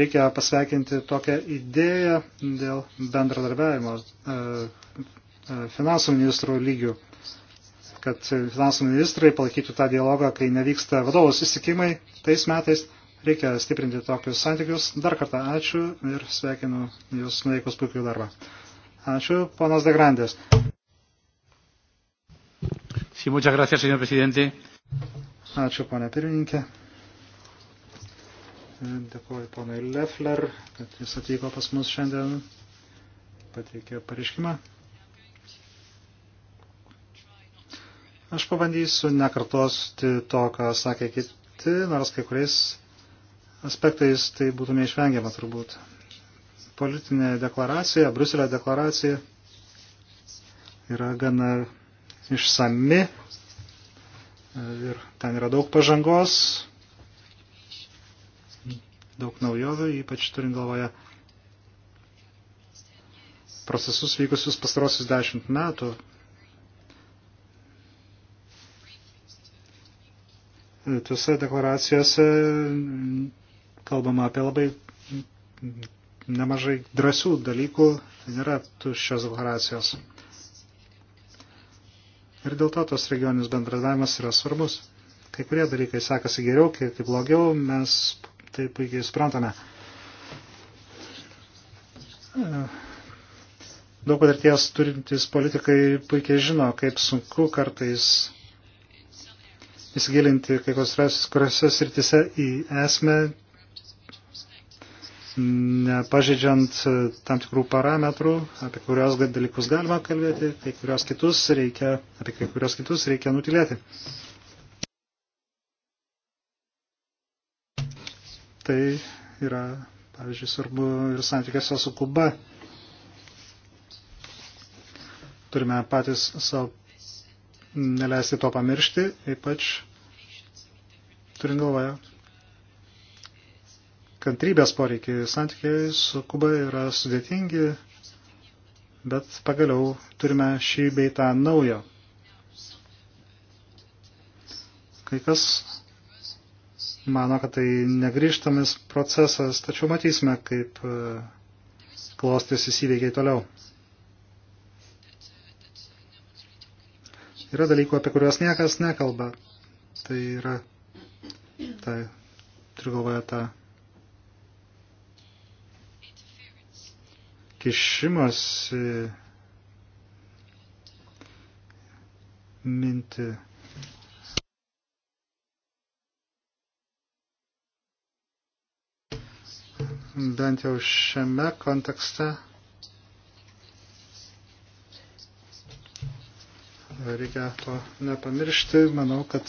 reikia pasveikinti tokią idėją dėl bendradarbiavimo e, e, finansų ministrų lygių, kad finansų ministrai palaikytų tą dialogą, kai nevyksta vadovos įsikimai tais metais. Reikia stiprinti tokius santykius. Dar kartą ačiū ir sveikinu Jūs nuveikus puikių darbą. Ačiū, ponas Degrandės. Sí, muchas gracias, señor presidente. Ačiū, ponė pirmininkė. Dėkuoju ponai Leffler, kad jis atvyko pas mus šiandien, pateikė pareiškimą. Aš pabandysiu nekartosiu to, ką sakė kiti, nors kai kuriais aspektais tai būtų neišvengiama turbūt. Politinė deklaracija, Bruselio deklaracija yra gana išsami ir ten yra daug pažangos, daug naujovių, ypač turint galvoje procesus vykusius pastarosius dešimt metų. Tuose deklaracijose kalbama apie labai nemažai drąsių dalykų, tai nėra tuščios deklaracijos. Ir dėl to tos regioninis bendradavimas yra svarbus. Kai kurie dalykai sekasi geriau, kai tai blogiau, mes tai puikiai suprantame. Daug patirties turintys politikai puikiai žino, kaip sunku kartais įsigilinti kai kuriuose srityse į esmę, nepažeidžiant e, tam tikrų parametrų, apie kurios dalykus galima kalbėti, kai kurios kitus reikia, apie kai kurios kitus reikia nutilėti. Tai yra, pavyzdžiui, svarbu ir santykiuose su Kuba. Turime patys savo neleisti to pamiršti, ypač turint galvoje kantrybės poreikiai. Santykiai su Kuba yra sudėtingi, bet pagaliau turime šį beitą naujo. Kai kas mano, kad tai negrįžtamis procesas, tačiau matysime, kaip e, klostysis įveikiai toliau. Yra dalykų, apie kuriuos niekas nekalba. Tai yra, tai, turiu galvoje, tą. Ta kišimas į mintį. Bent jau šiame kontekste reikia to nepamiršti. Manau, kad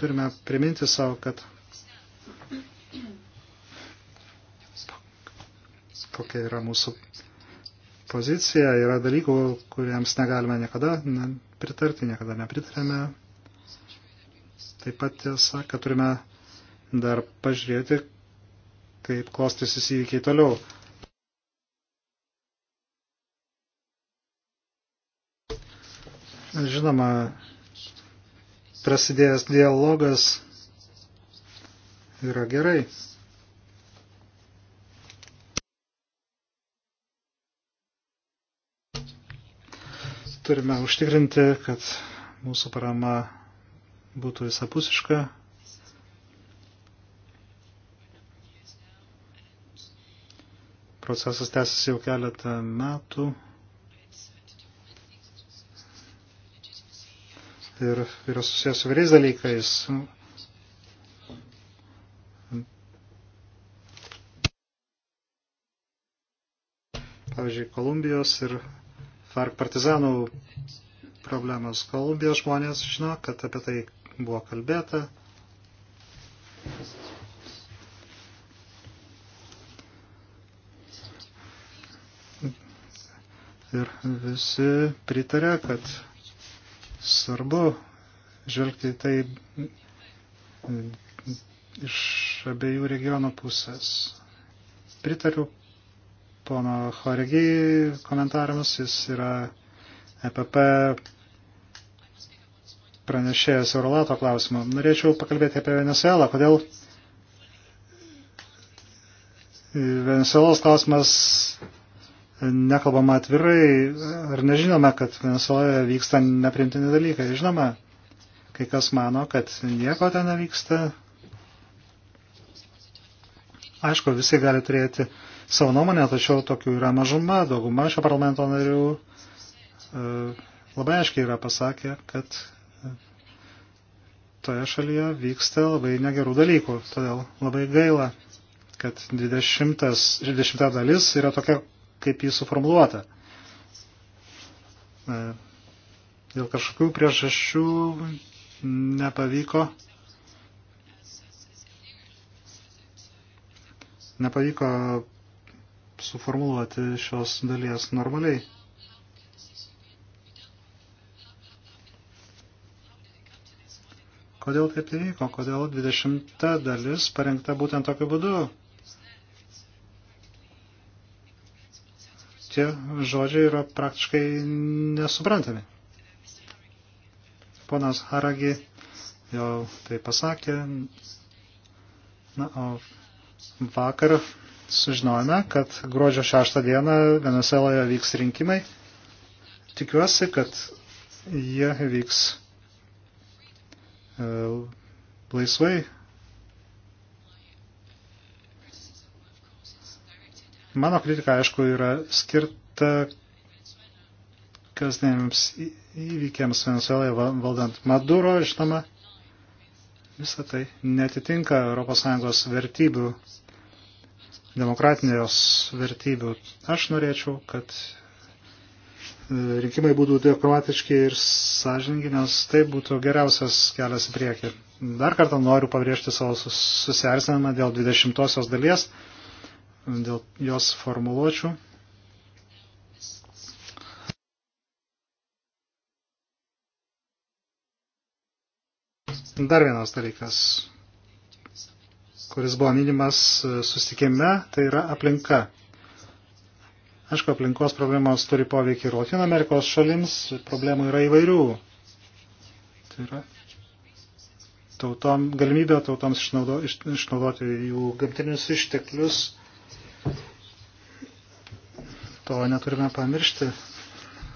turime priminti savo, kad kokia yra mūsų poziciją. Yra dalykų, kuriems negalime niekada pritarti, niekada nepritarėme. Taip pat tiesa, kad turime dar pažiūrėti, kaip klostysis įvykiai toliau. Žinoma, prasidėjęs dialogas yra gerai. Turime užtikrinti, kad mūsų parama būtų visapusiška. Procesas tęsiasi jau keletą metų. Ir yra susijęs su vairiais dalykais. Pavyzdžiui, Kolumbijos ir FARC partizanų problemos. Kolumbijos žmonės žino, kad apie tai buvo kalbėta. Ir visi pritarė, kad svarbu žvelgti tai iš abiejų regionų pusės. Pritariu pono Horegi komentarams. Jis yra EPP pranešėjas Eurolato klausimu. Norėčiau pakalbėti apie Venezuelą. Kodėl Venezuelos klausimas nekalbama atvirai, ar nežinome, kad Venezueloje vyksta neprimtini dalykai. Žinoma, kai kas mano, kad nieko ten nevyksta. Aišku, visi gali turėti uh, savo nuomonę, tačiau tokių yra mažuma. Dauguma šio parlamento narių e, labai aiškiai yra pasakę, kad e, toje šalyje vyksta labai negerų dalykų. Todėl labai gaila, kad 20, 20 dalis yra tokia, kaip jį suformuluota. E, dėl kažkokių priežasčių nepavyko nepavyko suformuluoti šios dalies normaliai. Kodėl taip įvyko? Kodėl 20 dalis parengta būtent tokiu būdu? Tie žodžiai yra praktiškai nesuprantami. Ponas Haragi jau tai pasakė. Na, o vakar sužinojome, kad gruodžio 6 dieną Venezueloje vyks rinkimai. Tikiuosi, kad jie vyks e, laisvai. Mano kritika, aišku, yra skirta kasdienėms įvykiams Venezuelai valdant Maduro, žinoma, visą tai netitinka ES vertybių demokratinės vertybių. Aš norėčiau, kad e, rinkimai būtų demokratiški ir sąžiningi, nes tai būtų geriausias kelias į priekį. Dar kartą noriu pabrėžti savo susierzinimą dėl 20-osios dalies, dėl jos formuluočių. Dar vienas dalykas kuris buvo minimas e, susitikime, tai yra aplinka. Aišku, aplinkos problemos turi poveikį ir Latino Amerikos šalims, problemų yra įvairių. Tai yra tautom, galimybė tautoms išnaudo, iš, išnaudoti jų gamtinius išteklius. To neturime pamiršti.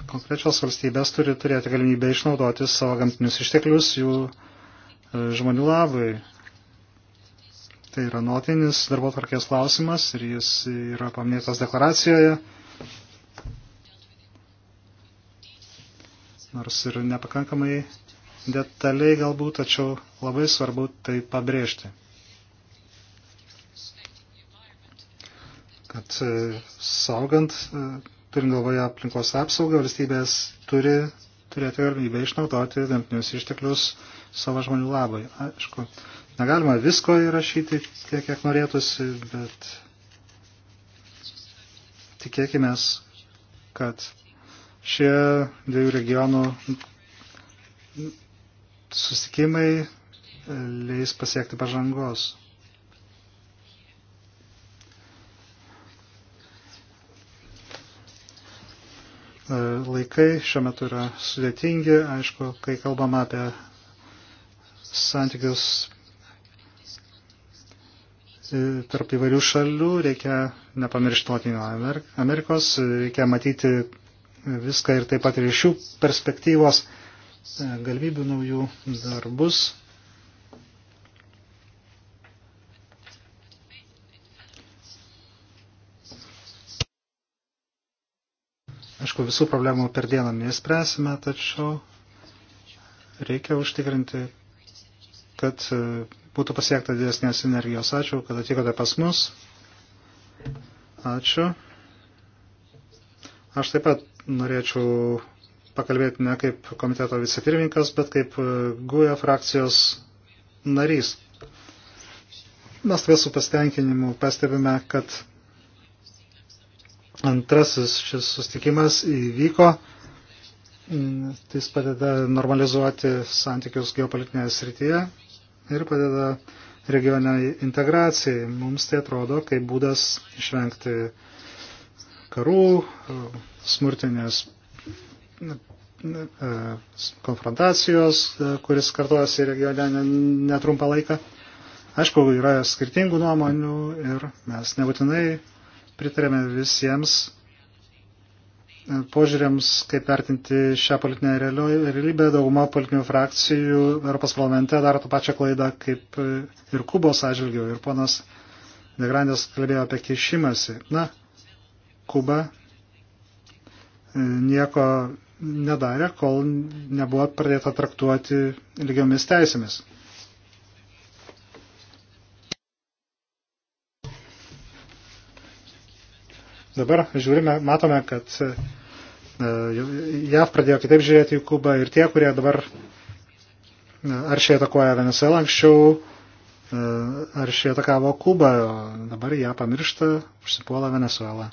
Konkrečios valstybės turi turėti galimybę išnaudoti savo gamtinius išteklius jų e, žmonių labai. Tai yra nuotinis darbo tvarkės klausimas ir jis yra paminėtas deklaracijoje. Nors ir nepakankamai detaliai galbūt, tačiau labai svarbu tai pabrėžti. Kad e, saugant, e, turint galvoje aplinkos apsaugą, valstybės turi turėti galimybę išnaudoti gamtinius išteklius savo žmonių labai. Aišku, Negalima visko įrašyti tiek, kiek norėtųsi, bet tikėkime, kad šie dviejų regionų susitikimai e, leis pasiekti pažangos. E, laikai šiuo metu yra sudėtingi, aišku, kai kalbam apie santykius E, tarp įvairių šalių, reikia nepamiršti Latino Amerikos, reikia matyti viską ir taip pat ir iš jų perspektyvos e, galimybių naujų darbus. Aišku, visų problemų per dieną nespręsime, tačiau reikia užtikrinti, kad e, būtų pasiekta didesnės energijos. Ačiū, kad atvykote pas mus. Ačiū. Aš taip pat norėčiau pakalbėti ne kaip komiteto vicepirmininkas, bet kaip e, GUE frakcijos narys. Mes taip su pasitenkinimu pastebime, kad antrasis šis sustikimas įvyko. Tai jis padeda normalizuoti santykius geopolitinėje srityje ir padeda regioniai integracijai. Mums tai atrodo kaip būdas išvengti karų, smurtinės e, konfrontacijos, e, kuris kartuosi regione netrumpą laiką. Aišku, yra skirtingų nuomonių ir mes nebūtinai pritarėme visiems požiūrėms, kaip vertinti šią politinę realybę, dauguma politinių frakcijų Europos parlamente daro tą pačią klaidą kaip ir Kubos atžvilgių. Ir ponas Degrandės kalbėjo apie kišimąsi. Na, Kuba e, nieko nedarė, kol nebuvo pradėta traktuoti lygiomis teisėmis. Dabar žiūrime, matome, kad E, JAV pradėjo kitaip žiūrėti į Kubą ir tie, kurie dabar e, aršiai atakuoja Venezuelą anksčiau, e, aršiai atakavo Kubą, o dabar ją pamiršta, užsipuola Venezuelą.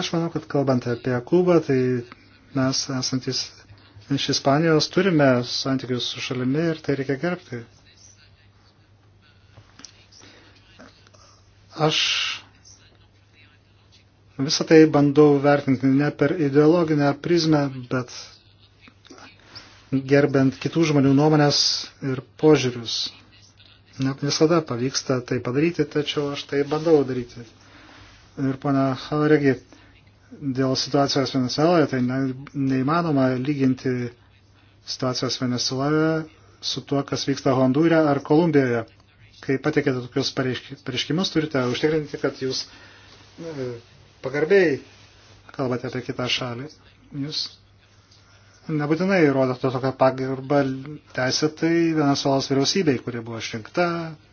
Aš manau, kad kalbant apie Kubą, tai mes esantis iš Ispanijos turime santykius su šalimi ir tai reikia gerbti. Aš Visą tai bandau vertinti ne per ideologinę prizmę, bet gerbent kitų žmonių nuomonės ir požiūrius. Net visada pavyksta tai padaryti, tačiau aš tai bandau daryti. Ir pana Havaregi, dėl situacijos Venezueloje, tai ne, neįmanoma lyginti situacijos Venezueloje su tuo, kas vyksta Hondūre ar Kolumbijoje. Kai patikėte tokius pareiškimus, turite užtikrinti, kad jūs e, pagarbiai kalbate apie kitą šalį, jūs nebūtinai rodote tokią pagarbą teisėtai Venezuelos vyriausybei, kuri buvo išrinkta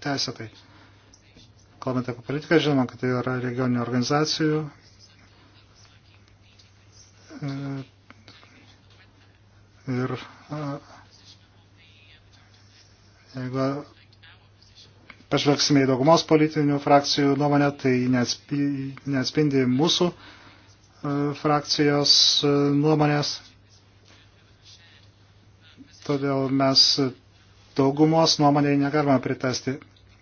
teisėtai. Kalbant apie politiką, žinoma, kad tai yra regioninių organizacijų. E, ir jeigu pažvelgsime į daugumos politinių frakcijų nuomonę, tai neatspindi mūsų e, frakcijos e, nuomonės. Todėl mes daugumos nuomonėje negalime pritesti.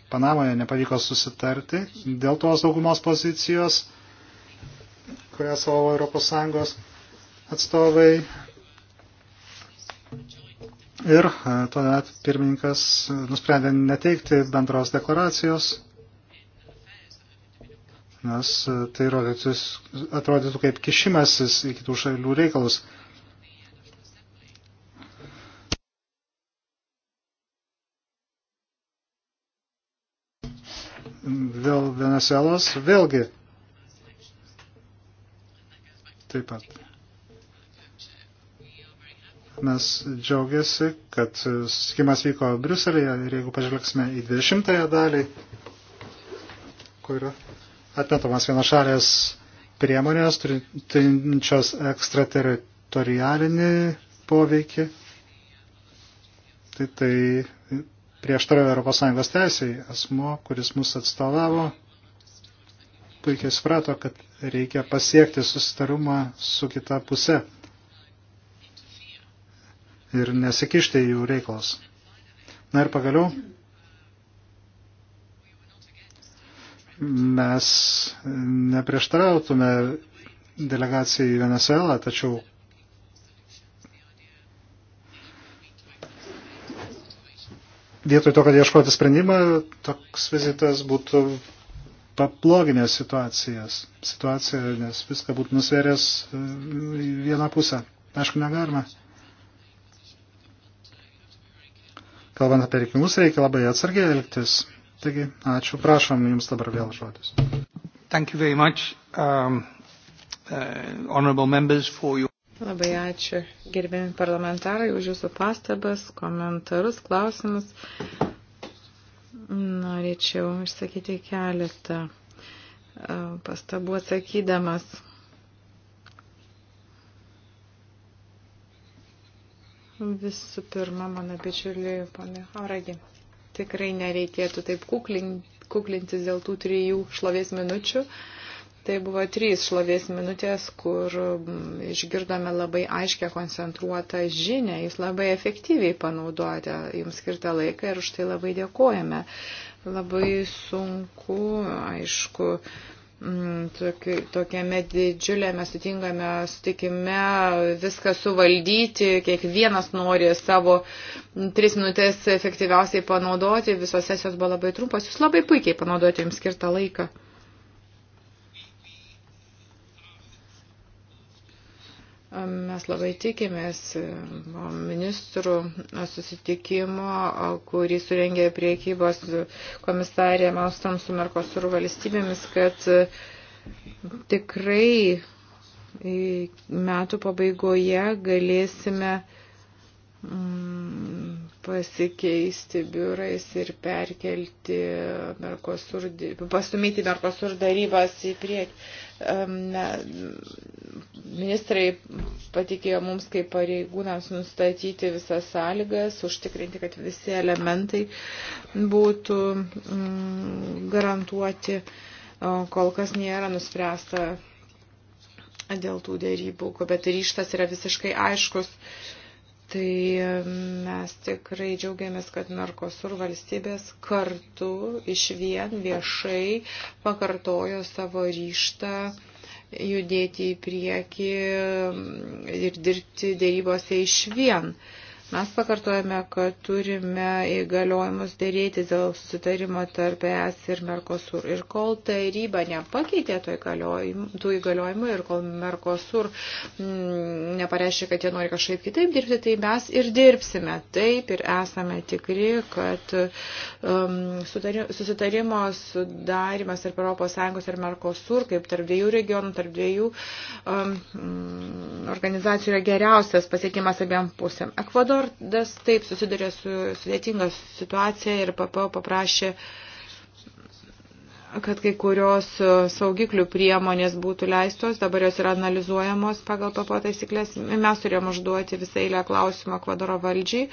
Panamoje nepavyko susitarti dėl tos daugumos pozicijos, kurią savo Europos Sąjungos atstovai Ir e, tuomet pirmininkas nusprendė neteikti bendros deklaracijos, nes e, tai rodytų, atrodytų kaip kišimasis į kitų šalių reikalus. Dėl Venezuelos vėlgi taip pat. Martinas džiaugiasi, kad susitikimas vyko Briuselėje ir jeigu pažvelgsime į 20-ąją dalį, kur atmetamas vienašalės priemonės turinčios ekstrateritorialinį poveikį, tai tai prieštaravo ES teisėjai asmo, kuris mus atstovavo, puikiai suprato, kad reikia pasiekti susitarumą su kita puse ir nesikišti į jų reikalus. Na ir pagaliau mes neprieštarautume delegacijai į Venezuelą, tačiau vietoj to, kad ieškoti sprendimą, toks vizitas būtų paploginę situacijas. Situaciją, nes viską būtų nusveręs vieną pusę. Aišku, negalima kalbant apie rinkimus, reikia labai atsargiai elgtis. Taigi, ačiū, prašom Jums dabar vėl žodis. Thank you very much, um, uh, honorable members, for your. Labai ačiū gerbėmi parlamentarai už Jūsų pastabas, komentarus, klausimus. Norėčiau išsakyti keletą uh, pastabų atsakydamas Visų pirma, mano bičiuliai, ponė Horagi, tikrai nereikėtų taip kuklin, kuklintis dėl tų trijų šlovės minučių. Tai buvo trys šlovės minutės, kur mm, išgirdome labai aiškę koncentruotą žinę. Jūs labai efektyviai panaudojate jums skirtą laiką ir už tai labai dėkojame. Labai sunku, aišku, Mm, tokiame didžiuliame sutingame sutikime viską suvaldyti, kiekvienas nori savo mm, tris minutės efektyviausiai panaudoti, visos sesijos buvo labai trumpos, jūs labai puikiai panaudojate jums skirtą laiką. Mes labai tikimės e, ministrų e, susitikimo, e, kurį surengė priekybos komisarė Maustam su Merkosur valstybėmis, kad tikrai metų pabaigoje galėsime uh, Mm, pasikeisti biurais ir perkelti Merkosur, pastumyti Merkosur darybas į priekį. Na, ministrai patikėjo mums kaip pareigūnams nustatyti visas sąlygas, užtikrinti, kad visi elementai būtų mm, garantuoti. Kol kas nėra nuspręsta dėl tų darybų, bet ryštas yra visiškai aiškus. Um, Tai mes tikrai džiaugiamės, kad Merkosur valstybės kartu iš vien viešai pakartojo savo ryštą judėti į priekį ir dirbti dėrybose iš vien. Uh, Mes pakartojame, kad turime įgaliojimus dėrėti dėl susitarimo tarp ES ir Merkosur. Ir kol taryba nepakeitė tų įgaliojimų ir kol Merkosur m, mm, nepareiškė, kad jie nori kažkaip kitaip dirbti, tai mes ir dirbsime taip ir esame tikri, kad um, susitarimo sudarimas tarp ES ir Merkosur, kaip tarp dviejų regionų, tarp dviejų um, mm, organizacijų yra geriausias pasiekimas abiem pusėm. Ekvador Ekvadoras taip susidurė su sudėtinga situacija ir PPO paprašė kad kai kurios saugiklių priemonės būtų leistos, dabar jos yra analizuojamos pagal PPO taisyklės. Mes turėjom užduoti visą eilę klausimą Ekvadoro valdžiai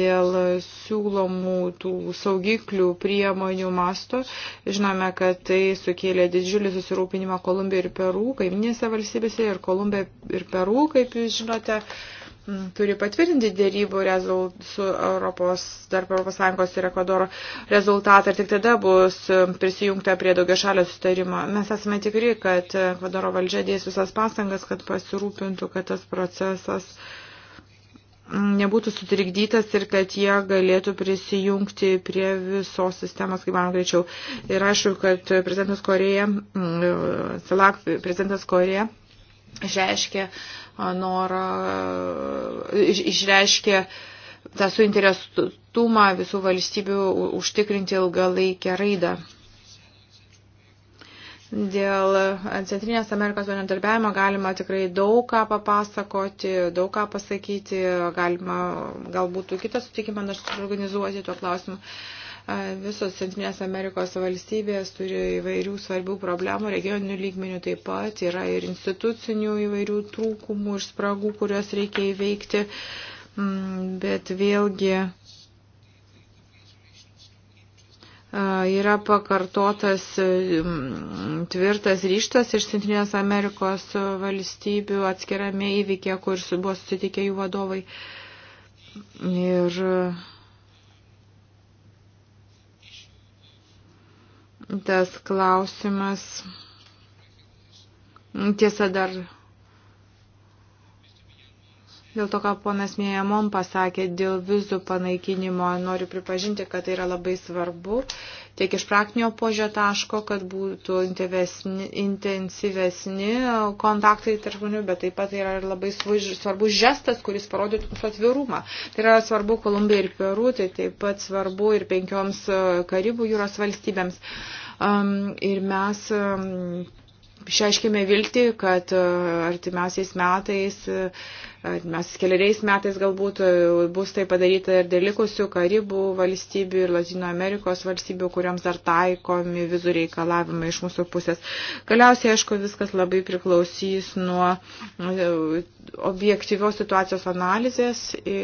dėl siūlomų tų saugiklių priemonių masto. Žinome, kad tai sukėlė didžiulį susirūpinimą Kolumbiją ir Perų, kaiminėse valstybėse ir Kolumbiją ir Perų, kaip jūs žinote. Uh, turi patvirtinti dėrybų rezult, su Europos, tarp ES ir Ekvadoro rezultatą ir tik tada bus prisijungta prie daugia šalio sustarimo. Mes esame tikri, kad Ekvadoro valdžia dės visas pastangas, kad pasirūpintų, kad tas procesas nebūtų sutrikdytas ir kad jie galėtų prisijungti prie visos sistemos, kaip man greičiau. Ir aišku, kad prezidentas Koreja, Salak, prezidentas Koreja išreiškė uh, norą, e, išreiškė tą suinteresuotumą visų valstybių užtikrinti ilgalaikę raidą. Dėl Centrinės Amerikos bendradarbiavimo galima tikrai daug ką papasakoti, daug ką pasakyti, galima galbūt kitą sutikimą dar organizuoti tuo klausimu. Uh, Visos Centrinės Amerikos valstybės turi įvairių svarbių problemų, regioninių lygmenių taip pat yra ir institucinių įvairių trūkumų ir spragų, kurios reikia įveikti, mm, bet vėlgi yra pakartotas mm, tvirtas ryštas iš Centrinės Amerikos valstybių atskirame įvykė, kur buvo susitikę jų vadovai. Ir tas klausimas tiesa dar Dėl to, ką ponas Mėjamon pasakė dėl vizų panaikinimo, noriu pripažinti, kad tai yra labai svarbu, tiek iš praktinio požio taško, kad būtų intensyvesni kontaktai tarp žmonių, bet taip pat tai yra labai svarbus žestas, kuris parodytų mūsų atvirumą. Tai yra svarbu Kolumbijai ir Peru, tai taip pat svarbu ir penkioms e, Karibų jūros valstybėms. Um, ir mes um, išaiškėme vilti, kad uh, artimiausiais metais uh, Mes keliariais metais galbūt e, bus tai padaryta ir dėl likusių Karibų valstybių ir Latino Amerikos valstybių, kuriams dar taikomi vizų reikalavimai iš mūsų pusės. Galiausiai, aišku, viskas labai priklausys nuo e, objektyvios situacijos analizės, e,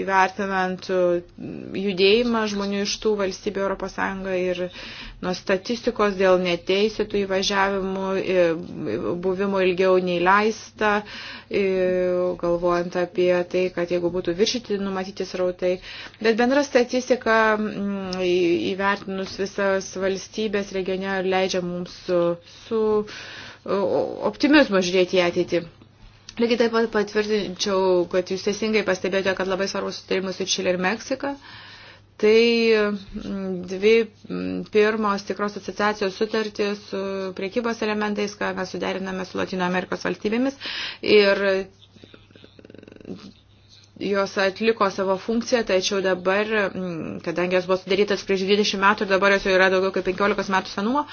įvertinant judėjimą žmonių iš tų valstybių ES ir nuo statistikos dėl neteisėtų įvažiavimų, buvimo ilgiau nei leista. Ir galvojant apie tai, kad jeigu būtų viršyti numatyti srautai. Bet bendra statistika mm, įvertinus visas valstybės regione leidžia mums su, su optimizmu žiūrėti į ateitį. Lygiai taip pat patvirtinčiau, kad jūs teisingai pastebėjote, kad labai svarbus sutarimas su Čilė ir Meksika. Tai mm, dvi mm, pirmos tikros asociacijos sutartys su priekybos elementais, ką mes suderiname su Latino Amerikos valstybėmis. Ir jos atliko savo funkciją, tačiau dabar, mm, kadangi jos buvo sudarytas prieš 20 metų ir dabar jos jau yra daugiau kaip 15 metų senumo,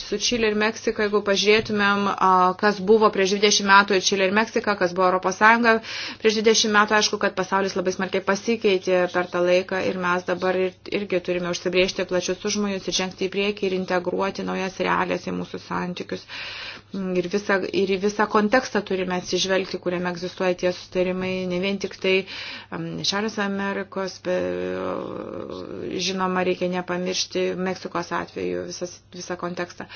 su Čilė ir Meksika, jeigu pažiūrėtumėm, kas buvo prieš 20 metų ir Čilė ir Meksika, kas buvo Europos Sąjunga prieš 20 metų, aišku, kad pasaulis labai smarkiai pasikeitė per tą laiką ir mes dabar ir, irgi turime užsibriežti plačius užmojus ir žengti į priekį ir integruoti naujas realijas į mūsų santykius. Uh, ir visą, ir visą kontekstą turime atsižvelgti, kuriame egzistuoja tie sustarimai, ne vien tik tai Šiaurės Amerikos, bet, žinoma, reikia nepamiršti Meksikos atveju visas, visą kontekstą.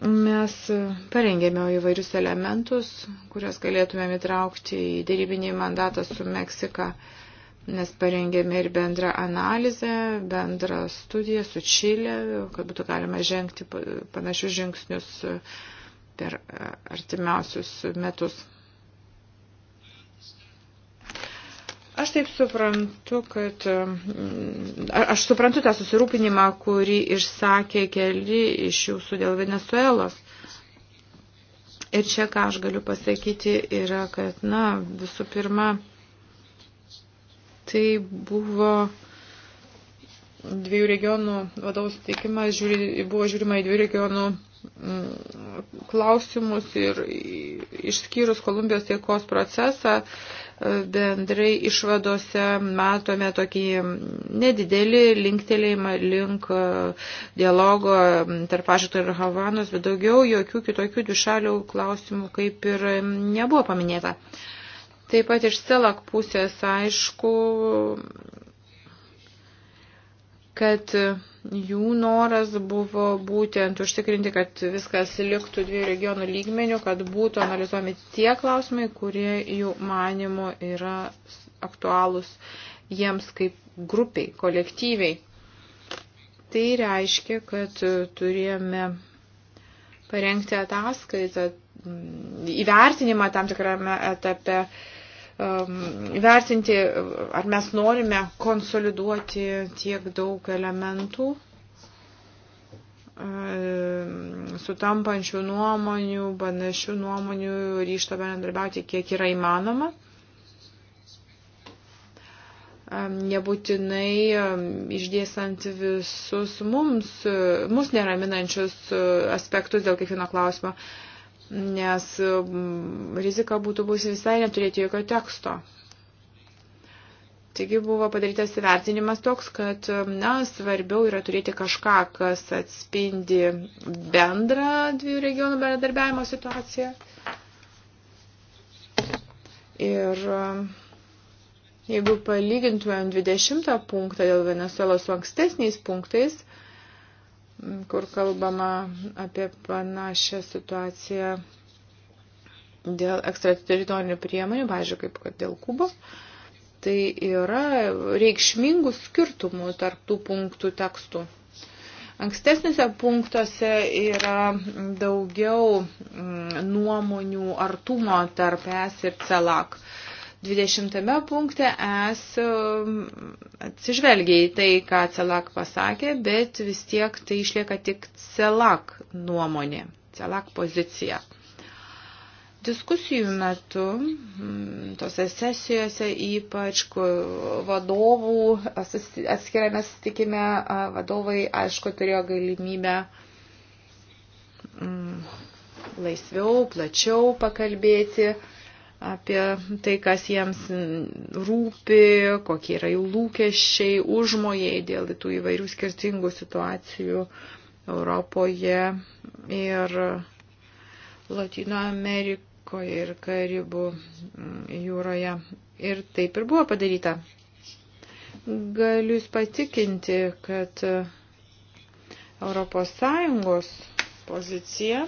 Mes parengėme įvairius elementus, kuriuos galėtumėm įtraukti į dėrybinį mandatą su Meksika. Uh, nes parengėme ir bendrą analizę, bendrą studiją su Čilė, kad būtų galima žengti panašius žingsnius e, per e, artimiausius metus. Aš taip suprantu, kad mm, aš suprantu tą susirūpinimą, kurį išsakė keli iš jūsų dėl Venezuelos. Ir čia, ką aš galiu pasakyti, yra, kad, na, visų pirma, Tai buvo dviejų regionų vadovų sutikimas, žiūri, buvo žiūrima į dviejų regionų mm, klausimus ir išskyrus Kolumbijos taikos procesą, e, bendrai išvadose matome tokį nedidelį linktelėjimą link e, dialogo mm, tarp Ažito ir Havanos, bet daugiau jokių kitokių dvišalių klausimų kaip ir mm, nebuvo paminėta. Uh, Taip pat iš selak pusės aišku, kad jų noras buvo būtent užtikrinti, kad viskas liktų dviejų regionų lygmenių, kad būtų analizuomi tie klausimai, kurie jų manimo yra aktualūs jiems kaip grupiai, kolektyviai. Tai reiškia, kad turėjome parengti ataskaitą, įvertinimą tam tikrame etape Um, vertinti, ar mes norime konsoliduoti tiek daug elementų um, sutampančių nuomonių, panašių nuomonių ryšto bendradarbiauti, kiek yra įmanoma. Um, nebūtinai išdėsant visus mums, mus neraminančius uh, aspektus dėl kiekvieno klausimo nes mm, rizika būtų būsi visai neturėti jokio teksto. Taigi buvo padarytas įvertinimas toks, kad mm, na, svarbiau yra turėti kažką, kas atspindi bendrą dviejų regionų bendradarbiavimo situaciją. Ir mm, jeigu palygintumėm 20 punktą dėl Venezuelos su ankstesniais punktais, kur kalbama apie panašią situaciją dėl ekstrateritorinių priemonių, pažiūrėjau, kaip kad dėl Kubos, tai yra reikšmingų skirtumų tarptų punktų tekstų. Ankstesnėse punktuose yra daugiau mm, nuomonių artumo tarp es ir celak. Uh, 20 punkte es um, atsižvelgia į tai, ką CELAK pasakė, bet vis tiek tai išlieka tik CELAK nuomonė, CELAK pozicija. Diskusijų metu, mm, tose sesijose ypač vadovų, atskiriame sutikime, vadovai aišku turėjo galimybę mm, laisviau, plačiau pakalbėti apie tai, kas jiems rūpi, kokie yra jų lūkesčiai, užmojai dėl tų įvairių skirtingų situacijų Europoje ir Latino Amerikoje ir Karibų jūroje. Ir taip ir buvo padaryta. Galiu jūs patikinti, kad Europos Sąjungos pozicija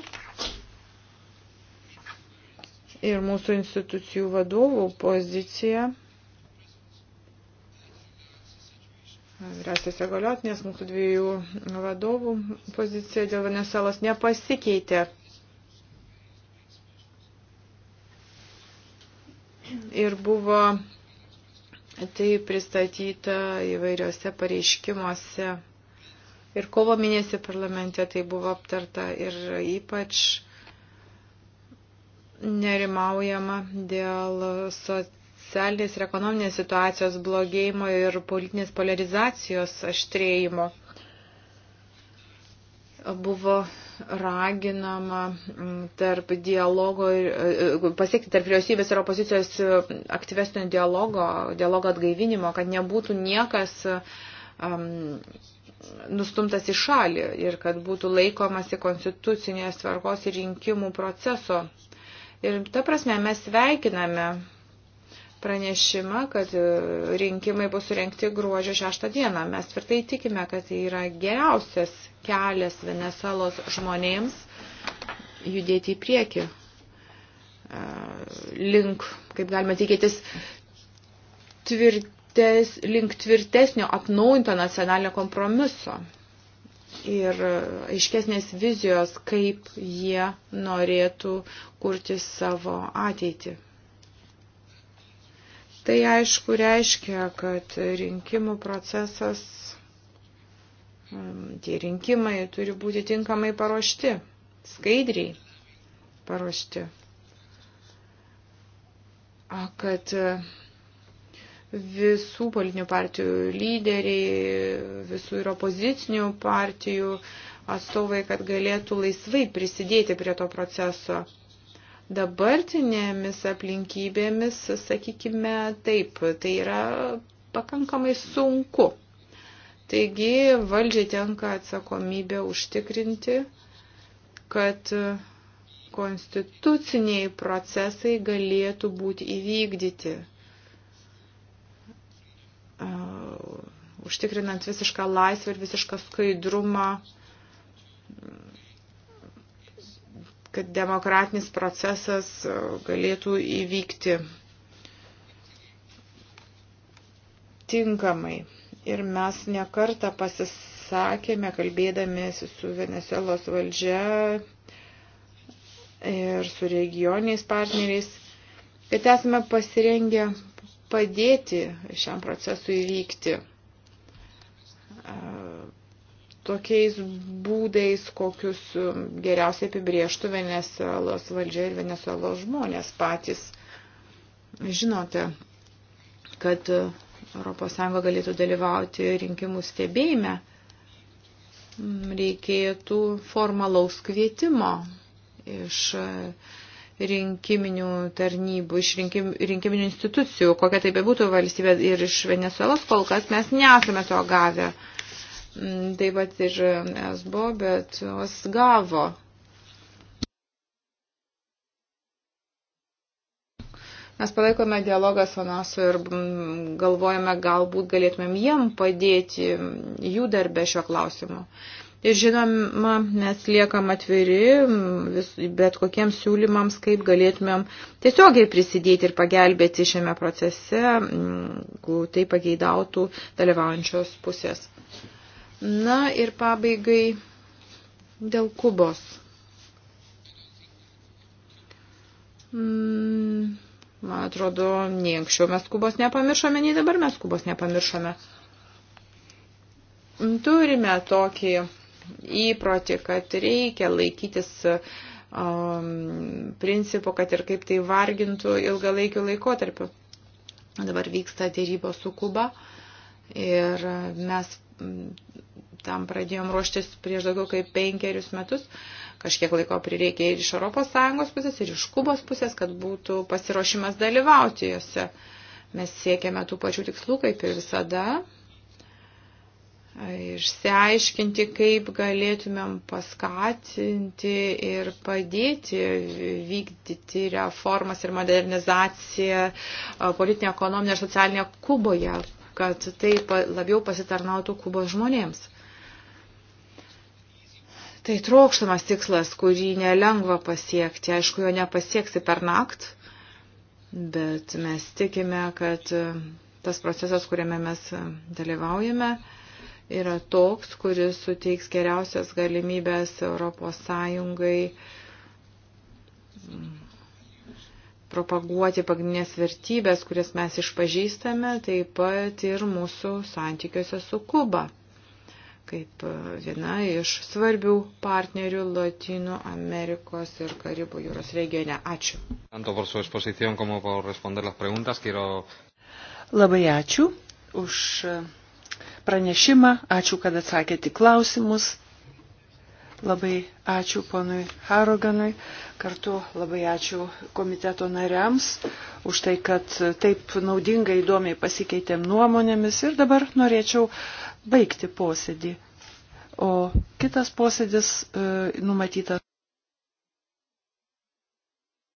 ir mūsų institucijų vadovų pozicija. Vyriausias įgaliotinės mūsų dviejų vadovų pozicija dėl Venezuelos nepasikeitė. Ir buvo tai pristatyta įvairiose pareiškimuose. Ir kovo mėnesį parlamente tai buvo aptarta ir ypač nerimaujama dėl socialinės ir ekonominės situacijos blogėjimo ir politinės polarizacijos aštrėjimo. Buvo raginama mm, tarp dialogo ir e, pasiekti tarp vyriausybės ir opozicijos aktyvesnio dialogo, dialogo atgaivinimo, kad nebūtų niekas um, nustumtas į šalį ir kad būtų laikomasi konstitucinės tvarkos ir rinkimų proceso Ir ta prasme mes sveikiname pranešimą, kad e, rinkimai bus surenkti gruodžio 6 dieną. Mes tvirtai tikime, kad tai yra geriausias kelias Venezuelos žmonėms judėti į priekį e, link, kaip galima tikėtis, tvirtes, link tvirtesnio atnaujinto nacionalinio kompromiso ir aiškesnės vizijos, kaip jie norėtų kurti savo ateitį. Tai aišku reiškia, kad rinkimų procesas, mm, tie rinkimai turi būti tinkamai paruošti, skaidriai paruošti. A, kad visų politinių partijų lyderiai, visų ir opozicinių partijų atstovai, kad galėtų laisvai prisidėti prie to proceso. Dabartinėmis aplinkybėmis, sakykime, taip, tai yra pakankamai sunku. Taigi valdžiai tenka atsakomybė užtikrinti, kad konstituciniai procesai galėtų būti įvykdyti užtikrinant visišką laisvę ir visišką skaidrumą, kad demokratinis procesas e, galėtų įvykti tinkamai. Ir mes nekartą pasisakėme, kalbėdamėsi su Venezuelos valdžia ir su regioniais partneriais, kad esame pasirengę padėti šiam procesui vykti tokiais būdais, kokius um, geriausiai apibrieštų Venezuelos valdžia ir Venezuelos žmonės patys. Žinote, kad uh, ES galėtų dalyvauti rinkimų stebėjime, mm, reikėtų formalaus kvietimo iš uh, rinkiminių tarnybų, iš rinkim, rinkiminių institucijų, kokia tai bebūtų valstybė ir iš Venezuelos kol kas mes nesame to gavę. Uh, Mm, taip pat ir esbo, mm, bet jos gavo. Mes palaikome dialogą su NASO ir mm, galvojame, galbūt galėtumėm jiem padėti jų darbę šio klausimu. Ir žinoma, mes liekam atviri vis, bet kokiems siūlymams, kaip galėtumėm tiesiogiai prisidėti ir pagelbėti šiame procese, jeigu tai pageidautų dalyvaujančios pusės. Na ir pabaigai dėl Kubos. Mm, man atrodo, nei anksčiau mes Kubos nepamiršome, nei dabar mes Kubos nepamiršome. Turime tokį įprotį, kad reikia laikytis um, principo, kad ir kaip tai vargintų ilgalaikiu laikotarpiu. Dabar vyksta dėrybos su Kuba ir mes tam pradėjom ruoštis prieš daugiau kaip penkerius metus. Kažkiek laiko prireikė ir iš ES pusės, ir iš Kubos pusės, kad būtų pasiruošimas dalyvauti juose. Mes siekiame tų pačių tikslų, kaip ir visada. Išsiaiškinti, kaip galėtumėm paskatinti ir padėti vykdyti reformas ir modernizaciją politinę, ekonominę ir socialinę Kuboje, kad tai labiau pasitarnautų Kubos žmonėms. Tai trokštamas tikslas, kurį nelengva pasiekti. Aišku, jo nepasieksi per nakt, bet mes tikime, kad e, tas procesas, kuriame mes e, dalyvaujame, yra toks, kuris suteiks geriausias galimybės Europos Sąjungai mm, propaguoti pagrindinės vertybės, kurias mes išpažįstame, taip pat ir mūsų santykiuose su Kuba kaip e, viena iš svarbių partnerių Latino Amerikos ir Karibų jūros regione. Ačiū. Labai ačiū už pranešimą, ačiū, kad atsakėte klausimus. Labai ačiū ponui Haroganui, kartu labai ačiū komiteto nariams už tai, kad taip naudingai įdomiai pasikeitėm nuomonėmis ir dabar norėčiau baigti posėdį. O kitas posėdis e, numatytas.